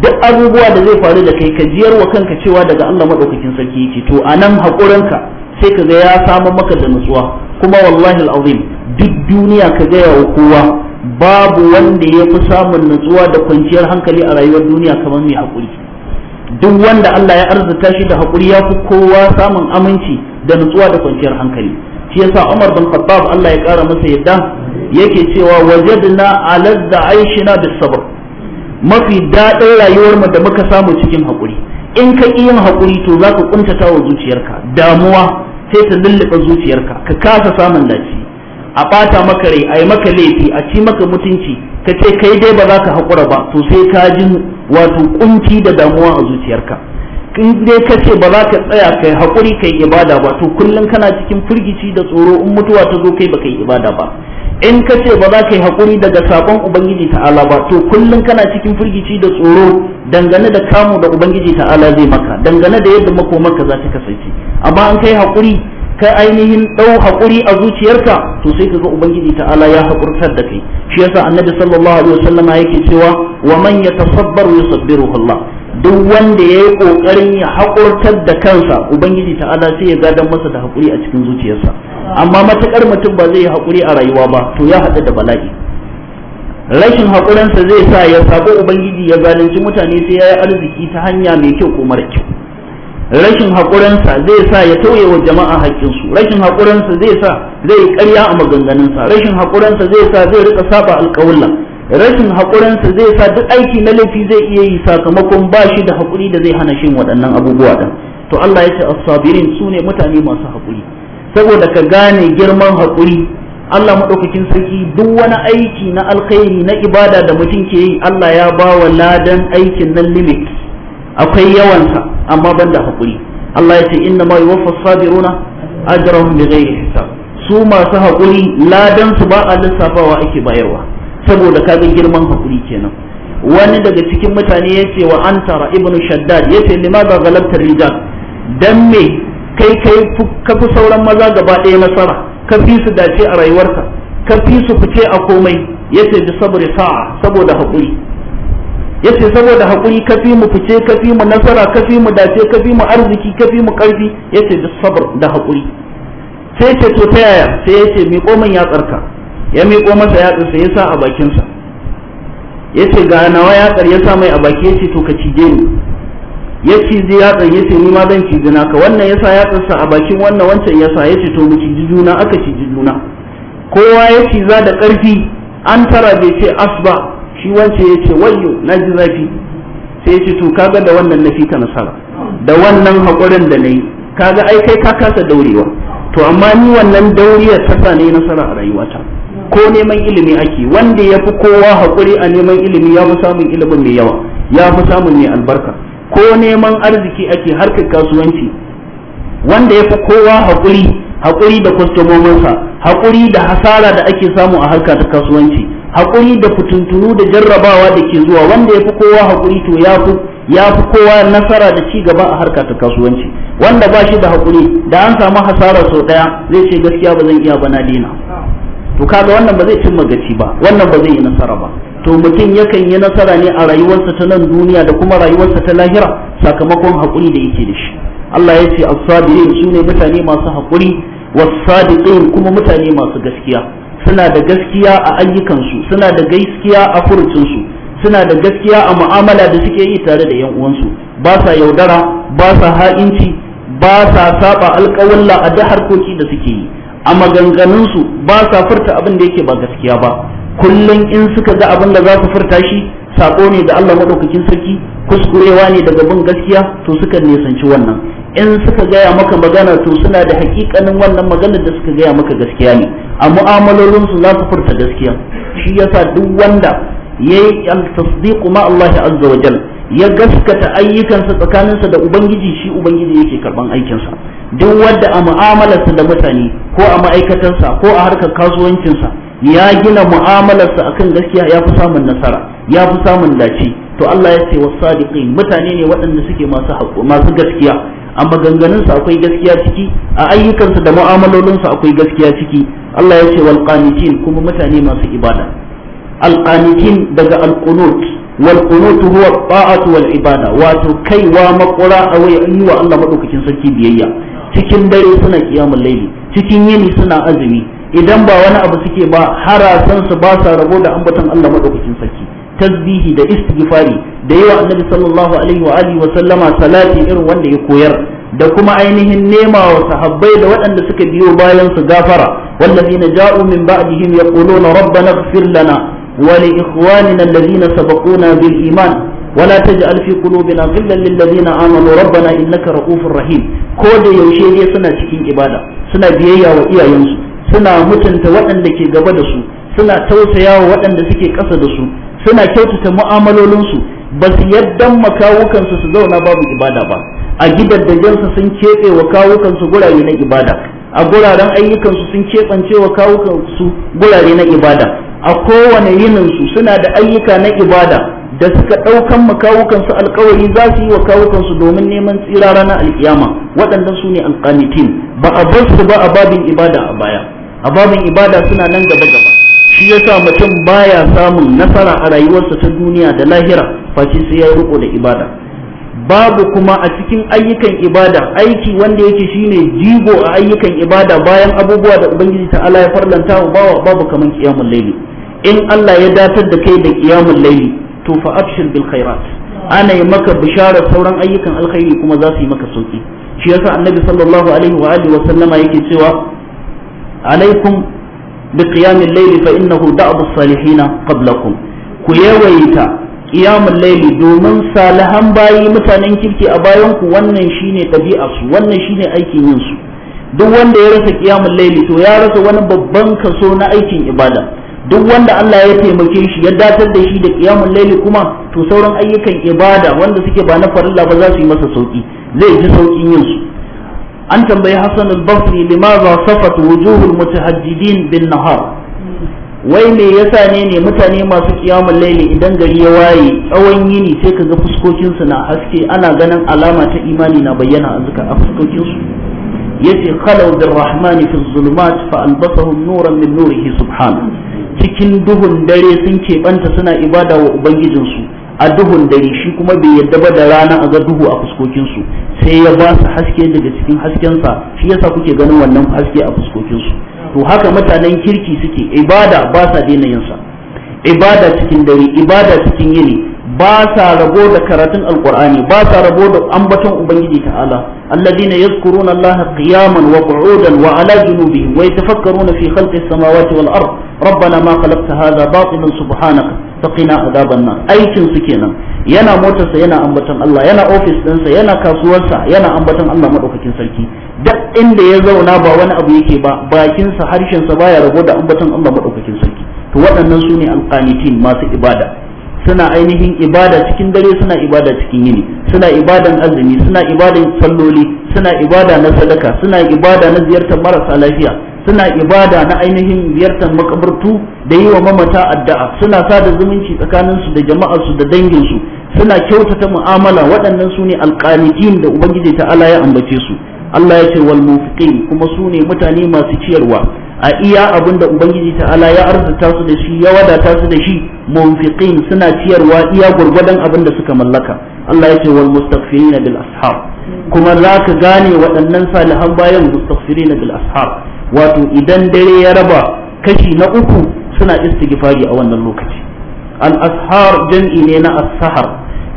duk abubuwa da zai faru da kai ka jiyar wa kanka cewa daga Allah madaukakin sarki yake to anan haƙurinka sai ka ga ya samu maka da nutsuwa kuma wallahi alazim duk duniya ka gaya wa kowa babu wanda ya fi samun nutsuwa da kwanciyar hankali a rayuwar duniya kamar mai haƙuri duk wanda Allah ya arzuta shi da haƙuri ya fi kowa samun aminci da nutsuwa da kwanciyar hankali shi yasa Umar bin Khattab Allah ya ƙara masa yadda yake cewa wajadna aladda aishina bis sabr mafi daɗin rayuwar mu da muka samu cikin haƙuri in ka yin haƙuri to za ka wa zuciyarka damuwa sai ta lullube zuciyarka ka kasa samun lafiya a ɓata maka rai a yi maka laifi a ci maka mutunci ka ce kai dai ba za ka haƙura ba to sai ka ji wato kunci da damuwa a zuciyarka in dai ka ce ba za ka tsaya kai haƙuri kai ibada ba to kullum kana cikin firgici da tsoro in mutuwa ta zo kai ba kai ibada ba in ka ce ba za ka yi haƙuri daga saƙon ubangiji ta'ala ba to kullum kana cikin firgici da tsoro dangane da kamu da ubangiji ta'ala zai maka dangane da yadda makomarka za ta kasance amma an kai haƙuri ka ainihin ɗau hakuri a zuciyarka to sai ka ga ubangiji ta'ala ya hakurtar da kai shi yasa annabi sallallahu alaihi wasallama yake cewa wa man yatasabbaru yusabbiruhu Allah duk wanda yayi kokarin ya haƙurtar da kansa ubangiji ta'ala sai ya gadan masa da hakuri a cikin zuciyarsa amma matakar mutum ba zai yi hakuri a rayuwa ba to ya haɗu da bala'i rashin haƙurinsa zai sa ya sabo ubangiji ya zalunci mutane sai ya yi arziki ta hanya mai kyau ko mara kyau rashin haƙurinsa zai sa ya tauye wa jama'a haƙƙinsu rashin haƙurinsa zai sa zai ƙarya a maganganunsa rashin haƙurinsa zai sa zai rika saba alƙawulla rashin haƙurinsa zai sa duk aiki na laifi zai iya yi sakamakon ba shi da haƙuri da zai hana shin waɗannan abubuwa ɗin to Allah ya ce as-sabirin su ne mutane masu haƙuri saboda ka gane girman haƙuri Allah madaukakin sarki duk wani aiki na alkhairi na ibada da mutum ke yi Allah ya ba wa ladan aikin nan limit akwai yawansa amma ban da hakuri Allah ya ce inna ma yuwaffa sabiruna ajrahum ghairi hisab su masu hakuri ladan su ba a lissafawa ake bayarwa saboda kaga girman hakuri kenan wani daga cikin mutane ya ce wa antara ibnu shaddad ya ce limaza galabtar rijal dan me kai kai ka fi sauran maza gaba ɗaya nasara ka fi su dace a rayuwarka ka fi su fice a komai ya ce bi sabri sa'a saboda hakuri. yace saboda hakuri kafi mu fice kafi mu nasara kafi mu dace kafi mu arziki kafi mu karfi yace da sabr da hakuri sai yace to ta yaya sai yace mi koman ya tsarka ya mi masa ya tsarka ya sa a bakin sa yace ga nawa ya tsar ya sa mai a baki yace to ka cije ni ya cije ya tsar yace ni ma dan cije naka wannan yasa ya tsarsa a bakin wannan wancan yasa yace to mu ciji juna aka ciji juna kowa ya ciza da karfi an tara bai ce asba shi wance ya ce wayo na ji zafi sai ya ce to kaga da wannan na fita nasara da wannan haƙurin da na yi kaga ai kai ka kasa daurewa to amma ni wannan dauriyar ta sa yi nasara a rayuwata ko neman ilimi ake wanda ya fi kowa haƙuri a neman ilimi ya fi samun ilimin mai yawa ya fi samun mai albarka ko neman arziki ake harkar kasuwanci wanda ya fi kowa haƙuri haƙuri da kwastomominsa hakuri da hasara da ake samu a harka ta kasuwanci hakuri da fitintunu da jarrabawa da ke zuwa wanda ya fi kowa haƙuri to ya fi kowa nasara da ci gaba a harka ta kasuwanci wanda ba shi da hakuri da an samu hasara sau ɗaya zai ce gaskiya ba zan iya ba dina to kaga wannan ba zai cimma gaci ba wannan ba zai yi nasara ba to mutum yakan yi nasara ne a rayuwarsa ta nan duniya da kuma rayuwarsa ta lahira sakamakon hakuri da yake da shi Allah ya ce as sadiqin sune mutane masu haƙuri was-sadiqin kuma mutane masu gaskiya suna da gaskiya a ayyukansu suna da gaskiya a furucinsu suna da gaskiya a mu'amala da suke yi tare da 'yan uwansu ba sa yaudara ba sa ha'inci ba sa saba alƙawalla a duk harkoki da suke yi a maganganunsu ba sa furta abin da yake ba gaskiya ba kullum in suka ga abin da za su furta shi sako ne da Allah madaukakin sarki kuskurewa ne daga bin gaskiya to suka nisanci wannan in suka gaya maka magana to suna da hakikanin wannan maganar da suka gaya maka gaskiya ne a mu'amalolin su za su furta gaskiya shi yasa duk wanda yayi al-tasdiqu ma Allah azza wa jalla ya gaskata ayyukansa tsakaninsa da ubangiji shi ubangiji yake karban aikinsa duk wanda a mu'amalarsa da mutane ko a ma'aikatarsa ko a harkar kasuwancinsa ya gina mu'amalarsa akan gaskiya ya fi samun nasara ya fi samun dace to Allah ya ce wasadiqin mutane ne waɗanda suke masu gaskiya a maganganunsu akwai gaskiya ciki a ayyukansu da mu'amalolinsu akwai gaskiya ciki Allah ya ce wal kuma mutane masu ibada al daga al qunut wal qunut huwa ta'atu wal ibada wato kaiwa makura a wai yi wa Allah madaukakin sarki biyayya cikin dare suna kiyamul laili cikin yini suna azumi idan ba wani abu suke ba harasansu su ba sa rabo da ambaton Allah madaukakin sarki tasbihi da istighfari da yawa annabi sallallahu alaihi wa alihi wa sallama salati irin wanda ya koyar da kuma ainihin nema wa sahabbai da waɗanda suka biyo bayan su gafara wallazina ja'u min ba'dihim yaquluna rabbana ighfir lana wa li ikhwanina alladhina sabaquna bil iman ولا تجعل في قلوبنا غلا للذين آمنوا ربنا إنك رؤوف رحيم ko da yaushe dai suna cikin ibada suna biyayya wa iyayensu suna mutunta waɗanda ke gaba da su suna tausayawa waɗanda suke ƙasa da su suna kyautata mu'amalolinsu ba su yadda makawukansu su zauna babu ibada ba a gidaddajensu sun keɓe wa kawukansu gurare na ibada a guraren ayyukansu sun keɓance wa kawukansu gurare na ibada a kowane yininsu suna da ayyuka na ibada da suka ɗaukan makawukansu alkawari za su yi wa kawukansu domin neman tsira ranar alkiyama waɗanda su ne alƙanitin ba a bar su ba a babin ibada a baya a babin ibada suna nan gaba gaba shi yasa mutum baya samun nasara a rayuwarsa ta duniya da lahira face sai ya riko da ibada babu kuma a cikin ayyukan ibada aiki wanda yake shine jigo a ayyukan ibada bayan abubuwa da ubangiji ta'ala ya farlanta wa bawa babu kaman qiyamul layli in Allah ya datar da kai da qiyamul layli to fa abshir bil khairat ana yi maka bishara sauran ayyukan alkhairi kuma za su yi maka sauki shi yasa annabi sallallahu alaihi wa alihi wa sallama yake cewa alaikum bi qiyamil layli fa innahu da'bu salihin qablakum ku yawaita qiyamul layli domin salihan bayi mutanen kirki a bayan ku wannan shine ɗabi'a su wannan shine aikin yin su duk wanda ya rasa qiyamul layli to ya rasa wani babban kaso na aikin ibada duk wanda Allah ya taimake shi ya datar da shi da kiyamun laili kuma to sauran ayyukan ibada wanda suke ba na farilla ba za su yi masa sauki zai ji saukin yin su an tambayi Hassan al-Basri limaza safat wujuhul mutahajjidin bin nahar wai me yasa ne ne mutane masu kiyamul laili idan gari ya waye tsawon yini sai kaga fuskokin su na haske ana ganin alama ta imani na bayyana a zuka a fuskokin su yace khalau birrahman fi zulumat fa albasahum nuran min nurihi subhanahu cikin duhun dare sun keɓanta suna ibada wa ubangijinsu a duhun dare shi kuma bai yadda ba da rana a ga duhu a fuskokinsu sai ya ba su haske daga cikin haskensa shi yasa kuke ganin wannan haske a fuskokinsu to haka mutanen kirki suke ibada ba sa daina yin sa ibada cikin dare ibada cikin yini ba sa rabo da karatun alkur'ani ba sa rabo da ambaton ubangiji ta'ala alladhina yadhkuruna allaha qiyaman wa qu'udan wa ala junubihim wa yatafakkaruna fi khalqi samawati wal ard rabbana ma khalaqta hadha batilan subhanaka faqina adhaban nar aikin su kenan yana motarsa yana ambaton Allah yana office ɗinsa yana kasuwarsa yana ambaton Allah madaukakin sarki duk inda ya zauna ba wani abu yake ba bakinsa harshensa baya rabo da ambaton Allah madaukakin sarki to waɗannan su ne alqanitin masu ibada suna ainihin ibada cikin dare suna ibada cikin yini suna ibadan azumi suna ibadan salloli suna ibada na sadaka suna ibada na ziyartar marasa lafiya suna ibada na ainihin ziyartar makabartu da yi wa mamata addu'a suna sada zumunci tsakanin su da su da danginsu suna kyautata mu'amala waɗannan su ne alƙanitin da ubangiji ta'ala ya ambace su Allah ya ce wal mufiqin kuma su ne mutane masu ciyarwa a iya abin da ubangiji ta'ala ya arzuta su da shi ya wadata su da shi munfiqin suna ciyarwa iya gurgurdan abin da suka mallaka Allah ya ce wal mustaghfirina bil ashab kuma za ka gane waɗannan salihan bayan mustaghfirina bil ashab wato idan dare ya raba kashi na uku suna istighfari a wannan lokaci al ashar jam'i ne na as-sahar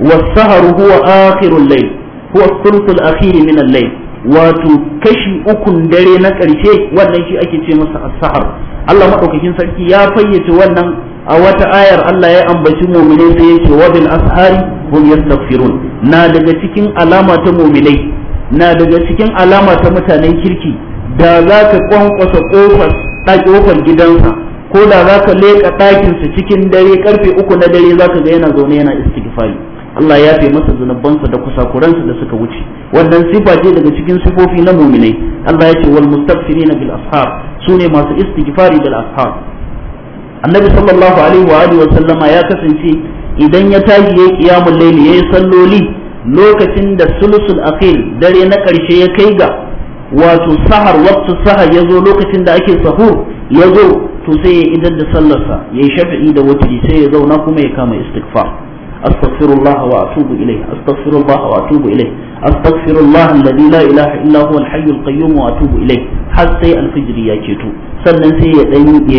was-sahar huwa akhirul layl huwa thuluthul akhir min al-layl wato kashi ukun dare na ƙarshe wannan shi ake ce masa as Allah madaukakin sarki ya fayyace wannan a wata ayar Allah ya ambaci mu'minai sai yake wa bil ashari hum yastaghfirun na daga cikin alama ta mu'minai na daga cikin alama ta mutanen kirki da za ka kwankwasa kofar ɗaki gidansa ko da za ka leƙa ɗakinsa cikin dare karfe uku na dare za ka ga yana zaune yana istighfari Allah ya fi masa zunubansa da kusakuransa da suka wuce wannan sifa ce daga cikin sifofi na muminai Allah ya ce wal mustaghfirina bil ashab sune masu istighfari bil ashab annabi sallallahu alaihi wa alihi wa sallama ya kasance idan ya tashi ya qiyamul layli yayi salloli lokacin da sulusul aqil dare na karshe ya kai ga wato sahar waqtu sahar yazo lokacin da ake sahur yazo to sai ya idan da sallarsa yayi shafi'i da wutri sai ya zauna kuma ya kama istighfar أستغفر الله وأتوب إليه أستغفر الله وأتوب إليه أستغفر الله الذي لا إله إلا هو الحي القيوم وأتوب إليه حتى الفجر يجيتو سنن سي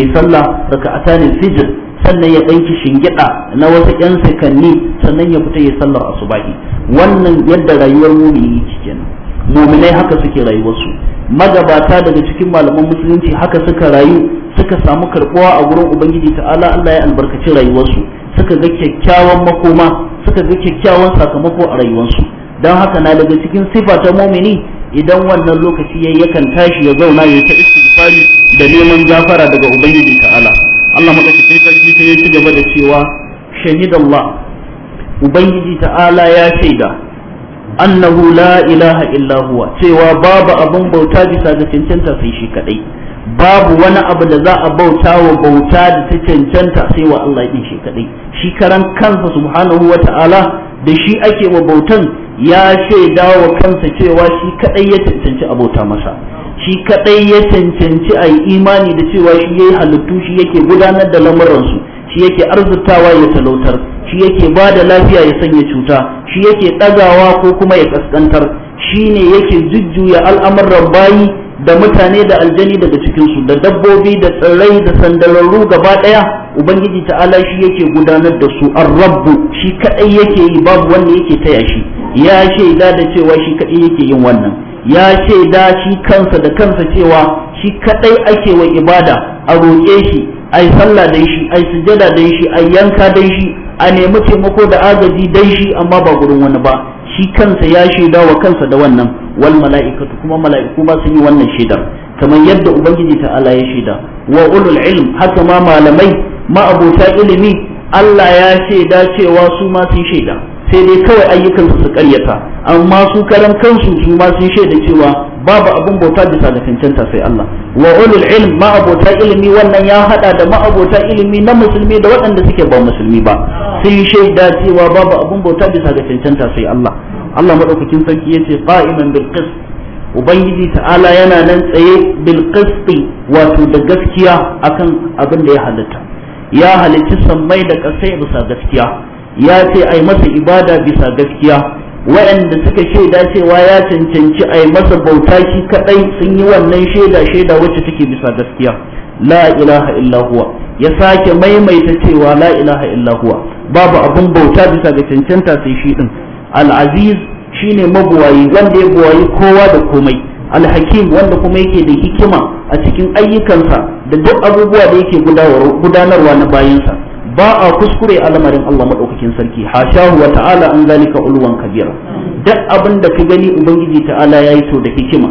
يصلى ركعتان fijir sannan ya danki shingida na wasu 'yan sakanni sannan ya fita ya sallar asubahi wannan yadda rayuwar mumini yake kenan muminai haka suke rayuwarsu magabata daga cikin malaman musulunci haka suka rayu suka samu karɓuwa a gurin ubangiji ta'ala Allah ya albarkaci rayuwarsu suka ga kyakkyawan makoma suka ga kyakkyawan sakamako a rayuwarsu don haka na daga cikin sifa ta mumini idan wannan lokaci ya yakan tashi ya zauna ya ta istighfari da neman gafara daga ubangiji ta'ala Allah madaukakin sarki sai ya ci gaba da cewa shahidallah ubangiji ta'ala ya shaida annahu la ilaha illa huwa cewa babu abun bauta bisa ga cancanta sai shi kadai babu wani abu da za a bauta wa bauta da ta cancanta sai wa Allah ya shi kaɗai shi karan kansa subhanahu wa ta'ala da shi ake wa bautan ya shaida wa kansa cewa shi kaɗai ya cancanci a bauta masa shi kaɗai ya cancanci a yi imani da cewa shi ya yi halittu shi yake gudanar da lamuransu shi yake arzutawa ya talautar shi yake ba da lafiya ya sanya cuta shi yake ɗagawa ko kuma ya ƙasƙantar shi ne yake jujjuya al'amuran bayi da mutane da aljani daga cikinsu da dabbobi da tsirrai da sandararru gaba ɗaya ubangiji ta'ala shi yake gudanar da su ar-rabbu shi kadai yake yi babu wanda yake taya shi ya shaida da cewa shi kadai yake yin wannan ya shaida shi kansa da kansa cewa shi kadai ake wa ibada a roƙe shi ai sallah da shi ai sujada da shi ai yanka da shi a nemi taimako da agaji dai shi amma ba gurin wani ba shi kansa ya shaida wa kansa da wannan wal mala'ikatu kuma mala'iku ba sun yi wannan shaidar kamar yadda ubangiji ta'ala ya shaida wa ulul ilm haka ma malamai ma abota ilimi Allah ya shaida cewa su ma sun shaida sai dai kawai ayyukansu su karyata amma su karan kansu su ma sun shaida cewa babu abin bauta bisa da cancanta sai Allah wa ulul ilm ma'abota ilimi wannan ya hada da ma'abota ilimi na musulmi da waɗanda suke ba musulmi ba sun shaida cewa babu abin bauta bisa ga cancanta sai Allah Allah madaukakin sarki yace qa'iman bil qist ubangiji ta'ala yana nan tsaye bil qist wato da gaskiya akan abin da ya halitta ya halicci sammai da kasai bisa gaskiya ya ce ai masa ibada bisa gaskiya waɗanda suka shaida cewa ya cancanci ai masa bauta shi kadai sun yi wannan shaida shaida wacce take bisa gaskiya la ilaha illa huwa ya sake maimaita cewa la ilaha illa huwa babu abun bauta bisa ga cancanta sai shi din al shine mabuwayi wanda ya buwayi kowa da komai alhakim wanda kuma yake da hikima a cikin ayyukansa da duk abubuwa da yake gudanarwa na bayansa ba a kuskure a lamarin Allah madaukakin sarki hashahu wa ta'ala an zalika ulwan kabira duk abin da ka gani ubangiji ta'ala yayi to da hikima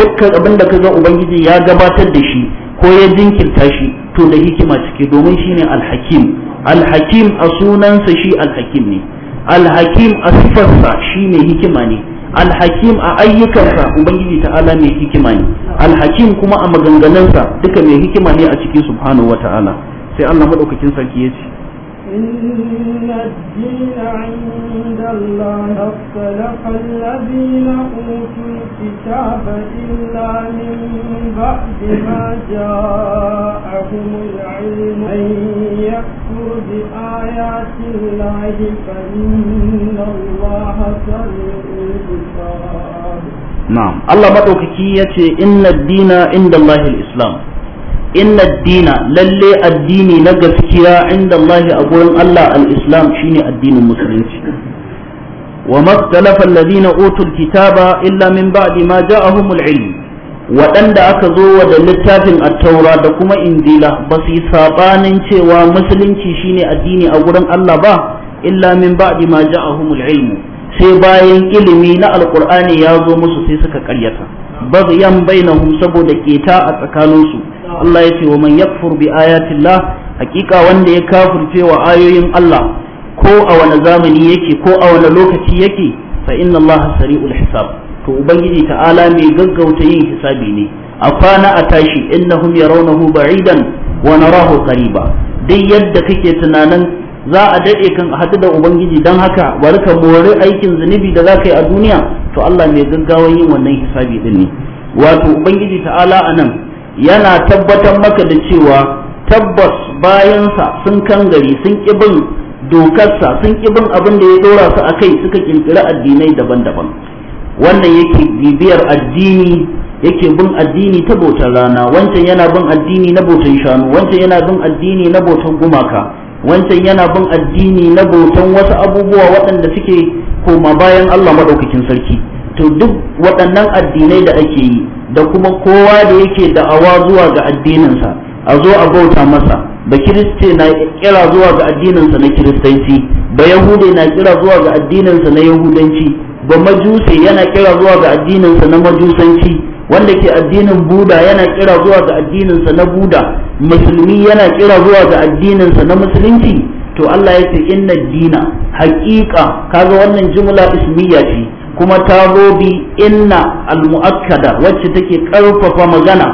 dukkan abin da ka ga ubangiji ya gabatar da shi ko ya jinkirta shi to da hikima ciki domin shine alhakim alhakim a sunansa shi alhakim ne alhakim a sifarsa shi ne hikima ne alhakim a ayyukansa ubangiji ta'ala mai hikima ne alhakim kuma a maganganunsa duka mai hikima ne a ciki subhanahu wa ta'ala sai Allah maɗaukakin sarki ya ce Na'am, Allah maɗaukaki ya ce, Inna dina inda Allah islam inna dina lalle addini na gaskiya inda Allah a gurin Allah al-Islam shine addinin musulunci wa maktalafa alladhina utul kitaba illa min ba'di ma ja'ahumul ilm waɗanda aka zo wa da littafin at-taura da kuma injila ba su yi sabanin cewa musulunci shine addini a gurin Allah ba illa min ba'di ma ja'ahumul ilm sai bayan ilimi na alqur'ani ya zo musu sai suka karyata baghyan bainahum saboda keta a tsakaninsu Allah ya ce wa man yakfur bi ayatillah hakika wanda ya kafirce wa ayoyin Allah ko a wani zamani yake ko a wani lokaci yake fa inna Allah sari'ul hisab to ubangiji ta'ala mai gaggauta yin hisabi ne a kwana a tashi innahum yarawnahu ba'idan wa narahu qariba duk yadda kake tunanin za a daɗe kan haɗu da ubangiji don haka bari ka mori aikin zunubi da za yi a duniya to Allah mai gaggawan yin wannan hisabi din ne wato ubangiji ta'ala a nan yana tabbatar maka da cewa tabbas bayansa sun kangare sun ƙibin dokarsa sun ƙibin abin da ya ɗora su a kai suka ƙirƙiri addinai daban-daban wannan yake bibiyar addini yake bin addini ta botar rana wancan yana bin addini na botan shanu wancan yana bin addini na botan gumaka wancan yana bin addini na botan wasu abubuwa waɗanda suke koma bayan Allah maɗaukakin sarki to duk waɗannan addinai da ake yi da kuma kowa da yake da'awa zuwa ga addininsa a zo a bauta masa ba kiristi na kira zuwa ga addininsa na kiristanci ba yahude na kira zuwa ga addininsa na yahudanci ba majuse yana kira zuwa ga addininsa na majusanci wanda ke addinin buda yana kira zuwa ga addininsa na buda musulmi yana kira zuwa ga addininsa na musulunci to Allah ya ce inna dina haƙiƙa kaga wannan jumla ismiya ce kuma ta zo bi inna almu'akkada wacce take karfafa magana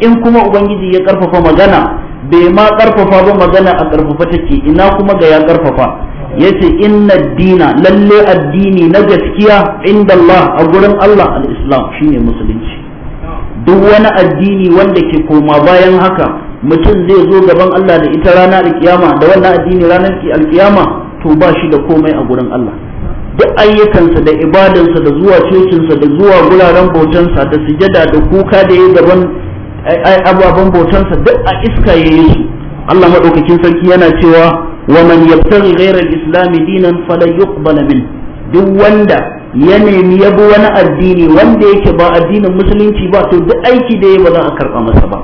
in kuma ubangiji ya karfafa magana bai ma karfafa ba magana a karfafa take ina kuma ga ya karfafa yace inna dina lalle addini na gaskiya inda Allah a gurin Allah al-Islam shine musulunci duk wani addini wanda ke koma bayan haka mutum zai zo gaban Allah da ita rana kiyama da wannan addini ranar alkiyama to ba shi da komai a gurin Allah duk ayyukansa da ibadansa da zuwa cocinsa da zuwa guraren bautansa da sujada da kuka da yayi gaban ababen bautansa duk a iska ya yi su Allah madaukakin sarki yana cewa wa man yabtaghi ghayra al-islam dinan falan yuqbala min duk wanda ya nemi yabo wani addini wanda yake ba addinin musulunci ba to duk aiki da ya ba za a karba masa ba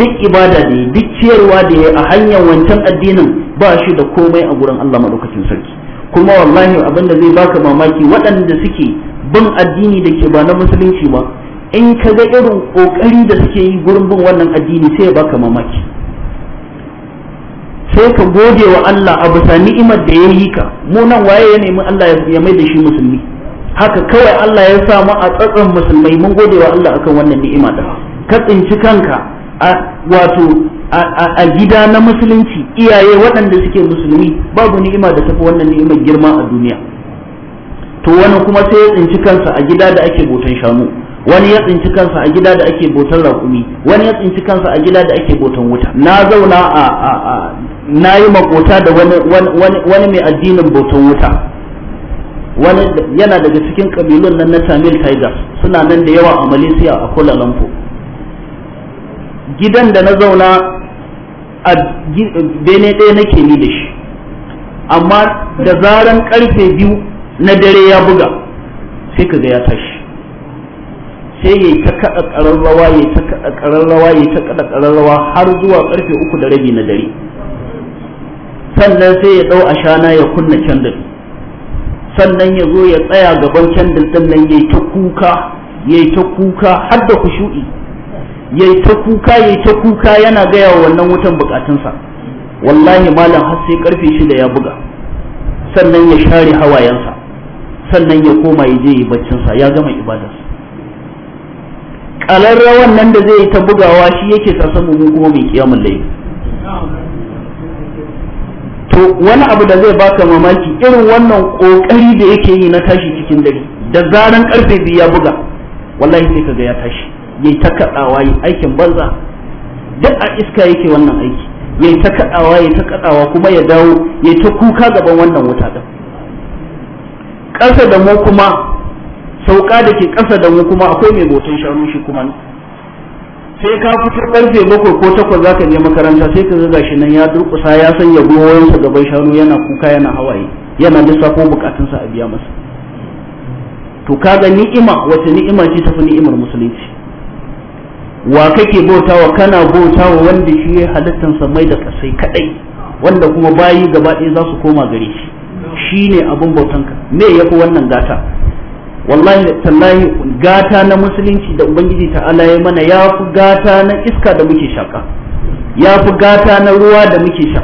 duk ibada da yayi duk ciyarwa da yayi a hanyar wancan addinin ba shi da komai a gurin Allah madaukakin sarki kuma wallahi abin da zai baka mamaki waɗanda suke bin addini da ke ba na musulunci ba in ka ga irin ƙoƙari da suke yi gurin bin wannan addini sai ya baka mamaki sai ka gode wa Allah a bisa ni'imar da ya yi ka mu nan waye ya nemi Allah ya mai da shi musulmi haka kawai Allah ya samu a tsatsan musulmai mun gode wa Allah akan wannan ni'ima da ka tsinci kanka a wato a gida na musulunci iyaye waɗanda suke musulmi babu ni'ima da tafi wannan ni'imar girma a duniya to wani kuma sai ya tsinci kansa a gida da ake botan shanu wani ya tsinci kansa a gida da ake botan raƙumi wani ya tsinci kansa a gida da ake botan wuta na zauna a na yi makota da wani mai addinin botan wuta wani yana daga cikin kabilun nan na tamil tigers suna nan da yawa a malaysia a kuala lumpur gidan da na zauna a bene ɗaya nake ni da shi amma da zaran karfe biyu na dare ya buga sai ka ga ya tashi sai ya ta kaɗa ƙararrawa ya ta kaɗa ƙararrawa ya ta kaɗa ƙararrawa har zuwa karfe uku da rabi na dare sannan sai ya ɗau ashana ya kunna candle sannan ya zo ya tsaya gaban candle ɗin nan ya ta kuka ya yi ta kuka har da kushu'i yayi ta kuka yayi ta kuka yana gaya wa wannan wutan bukatunsa wallahi malam har sai karfe shida ya buga sannan ya share hawayensa sannan ya koma ya je yi baccinsa ya gama ibadarsa rawan nan da zai yi ta bugawa shi yake sasan mu kuma mai kiyamun laifi to wani abu da zai baka mamaki irin wannan kokari da yake yi na tashi cikin dare da zaran karfe biyu ya buga wallahi sai kaga ya tashi yayi ta kadawa yayi aikin banza duk a iska yake wannan aiki yayi ta kadawa yayi ta kadawa kuma ya dawo yayi ta kuka gaban wannan wuta din ƙasa da mu kuma sauka da ke ƙasa da mu kuma akwai mai botan shanu shi kuma sai ka fito karfe bakwai ko takwas zaka je makaranta sai ka zaga shi nan ya durƙusa ya sanya goyonsa gaban shanu yana kuka yana hawaye yana lissafo bukatunsa a biya masa to ka ga ni'ima wata ni'ima ce tafi ni'imar musulunci wa kake bautawa kana bautawa wanda shi ya halittar samai da kasai kadai wanda kuma bayi gaba ɗaya za su koma gare shi shi ne abin bautanka me ya fi wannan gata wallahi tallahi gata na musulunci da ubangiji ta'ala ya mana ya fi gata na iska da muke shaka ya fi gata na ruwa da muke sha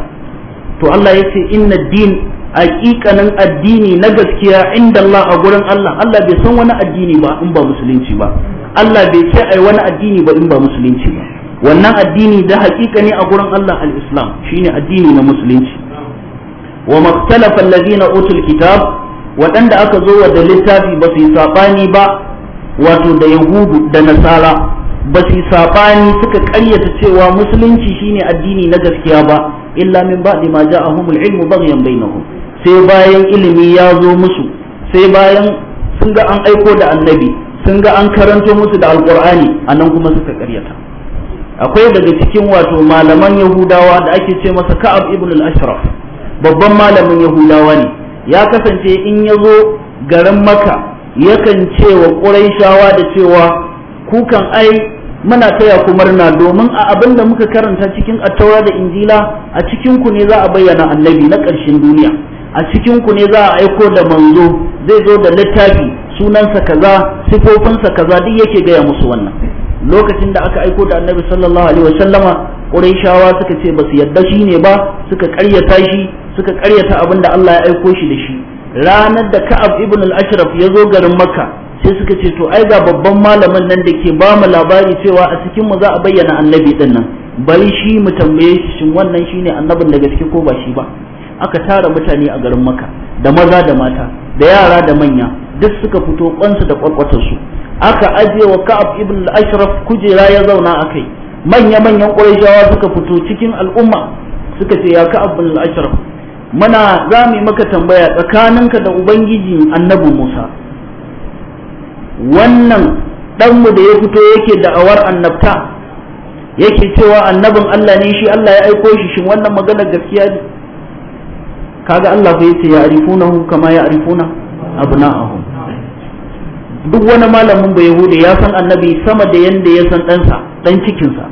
to Allah ya ce inna din aqiqanan addini na gaskiya inda Allah a gurin Allah Allah bai san wani addini ba in ba musulunci ba Allah bai ce ai wani addini ba in ba musulunci ba wannan addini da hakika ne a gurin Allah al-Islam shine addini na musulunci wa maktalafa alladhina utul kitab waɗanda aka zo wa da littafi ba su yi sabani ba wato da yahudu da nasara ba su yi sabani suka ƙaryata cewa musulunci shine addini na gaskiya ba illa min ba'di ma ja'ahumul ilmu baghyan bainahum sai bayan ilimi ya zo musu sai bayan sun ga an aiko da annabi sun ga an karanto musu da alkur'ani a nan kuma suka karyata akwai daga cikin wato malaman yahudawa da ake ce masa ka'ab ibn al-ashraf babban malamin yahudawa ne ya kasance in ya zo garin maka yakan ce wa shawa da cewa kukan ai muna taya ku murna domin a abin da muka karanta cikin attaura da injila a cikin ku ne za a bayyana annabi na ƙarshen duniya a cikin ku ne za a aiko da manzo zai zo da littafi sunansa kaza sifofinsa kaza duk yake gaya musu wannan lokacin da aka aiko da annabi sallallahu alaihi wasallama qurayshawa suka ce basu yadda shi ne ba suka ƙaryata shi suka karyata abin da Allah ya aiko shi da shi ranar da Ka'ab ibn al-Ashraf ya zo garin Makka sai suka ce to ai ga babban malamin nan da ke ba mu labari cewa a cikin mu za a bayyana annabi din nan bari shi mu tambaye shi shin wannan shine annabin da gaske ko ba shi ba aka tara mutane a garin Makka da maza da mata da yara da manya duk suka fito kwansu da kwarkwatarsu aka ajiye wa ka'ab ibn al-ashraf kujera ya zauna akai manya-manyan ƙwarishawa suka fito cikin al'umma suka ce ya ka'ab ibn al-ashraf muna za mu maka tambaya tsakaninka da ubangiji annabi musa wannan ɗanmu da ya fito yake da'awar annabta yake cewa annabin allah ne shi allah ya aiko shi shin wannan maganar gaskiya ne kaga allah ya ce ya arifuna kama ya arifuna abna'ahum duk wani malamin bai yahuda ya san annabi sama da yanda ya san ɗansa ɗan cikinsa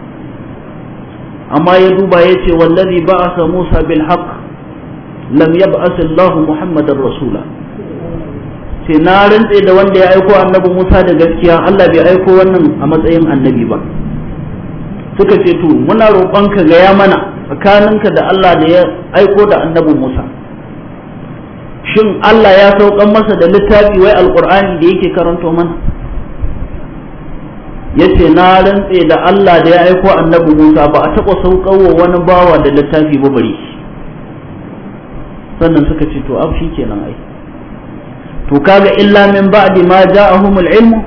amma ya duba ya ce wallazi a musa bil haqq lam ba Allah muhammadar rasula sai na rantse da wanda ya aiko annabi Musa da gaskiya Allah bai aiko wannan a matsayin annabi ba suka ce to muna roƙonka gaya mana tsakaninka da Allah da ya aiko da annabi Musa shin Allah ya saukan masa da littafi wai alkur'ani da yake karanto mana Ya ce na rantse da Allah da ya aiko annabi Musa ba a taɓa saukan wa wani bawa da littafi ba bari sannan suka ce to abu kenan ai to kaga illa min ba'di ma ja'ahumul ilmu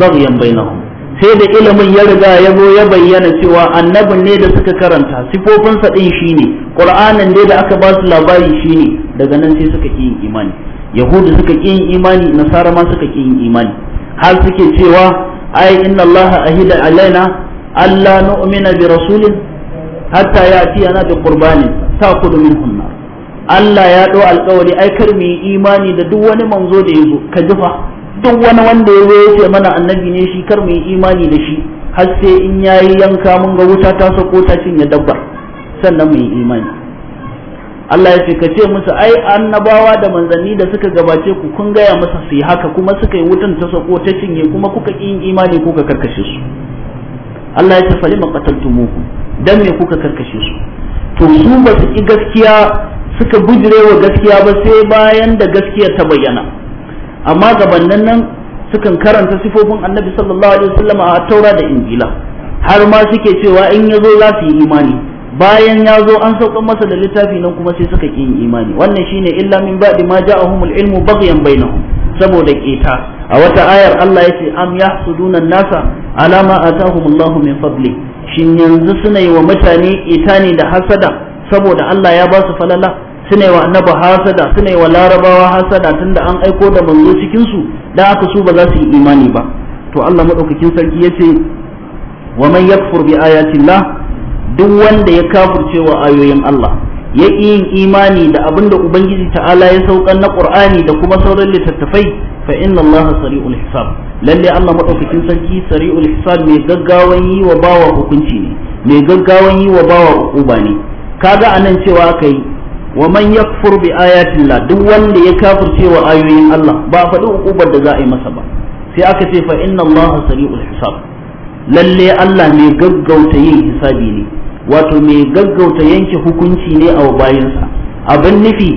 baghyan bainahum sai da ilimin ya riga ya zo ya bayyana cewa annabin ne da suka karanta sifofinsa ɗin shine qur'anin ne da aka ba su labari shine daga nan sai suka yin imani yahudu suka yin imani nasara ma suka yin imani har suke cewa ai inna allah ahida alaina alla nu'mina bi rasulin hatta ya'tiyana bi qurbanin taqudu minhum Allah ya ɗau alƙawari ai kar mu yi imani da duk wani manzo da ya zo ka jifa duk wani wanda ya zo yake mana annabi ne shi kar mu imani da shi har sai in yayi yanka mun ga wuta ta sako ta cinye dabbar sannan mu imani Allah ya ce ka ce musu ai annabawa da manzanni da suka gabace ku kun gaya masa su yi haka kuma suka yi wutan ta sako ta cinye kuma kuka ƙi yin imani kuka karkashe su Allah ya ce falima qataltumuhu dan me kuka karkashe su to su ba su ki gaskiya suka bujire gaskiya ba sai bayan da gaskiya ta bayyana amma gabanin nan sukan karanta sifofin annabi sallallahu alaihi wasallam a taura da injila har ma suke cewa in ya zo za su yi imani bayan ya zo an saukan masa da littafi nan kuma sai suka yin imani wannan shine illa min ba'di ma ja'ahumul ilmu baghyan bainahum saboda keta a wata ayar Allah yace am yahsuduna nasa alama ma atahumullahu min fadli shin yanzu suna yi wa mutane ne da hasada saboda Allah ya ba su falala suna wa hasada suna wa larabawa hasada tunda an aiko da manzo cikinsu da aka su ba za su yi imani ba to Allah maɗaukakin sarki yace wa man yakfur bi ayatillah duk wanda ya kafirce wa ayoyin Allah ya yin imani da abin da ubangiji ta'ala ya saukan na qur'ani da kuma sauran littattafai fa inna allaha sari'ul hisab lalle Allah maɗaukakin sarki sari'ul hisab mai gaggawan yi wa bawa hukunci ne mai gaggawan yi wa bawa uba ne kaga anan cewa kai wa man yakfur bi ayatillah duk wanda ya kafirce wa ayoyin Allah ba faɗi hukubar da za a yi masa ba sai aka ce fa inna Allah sari'ul hisab lalle Allah mai gaggauta yin hisabi ne wato mai gaggauta yanke hukunci ne a bayansa abin nufi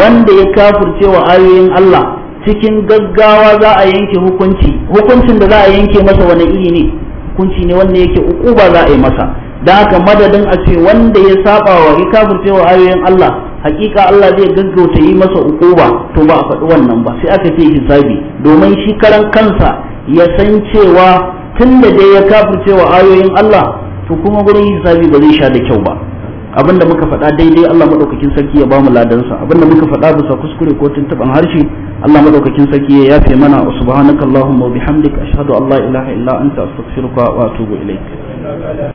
wanda ya kafirce wa ayoyin Allah cikin gaggawa za a yanke hukunci hukuncin da za a yanke masa wani iri ne hukunci ne wanda yake ukuba za a yi masa da haka madadin a ce wanda ya saba wa ya kafirce wa ayoyin Allah hakika Allah zai gaggauta yi masa ukuba to ba a faɗi wannan ba sai aka ce hisabi domin shi karan kansa ya san cewa tun da dai ya kafirce wa ayoyin Allah to kuma gurin hisabi ba zai sha da kyau ba abinda muka faɗa daidai Allah madaukakin sarki ya bamu ladansa abinda muka faɗa bisa kuskure ko tuntuban harshe Allah madaukakin sarki ya yafe mana wa subhanakallahumma wa bihamdika ashhadu an la ilaha illa anta astaghfiruka wa atubu ilaik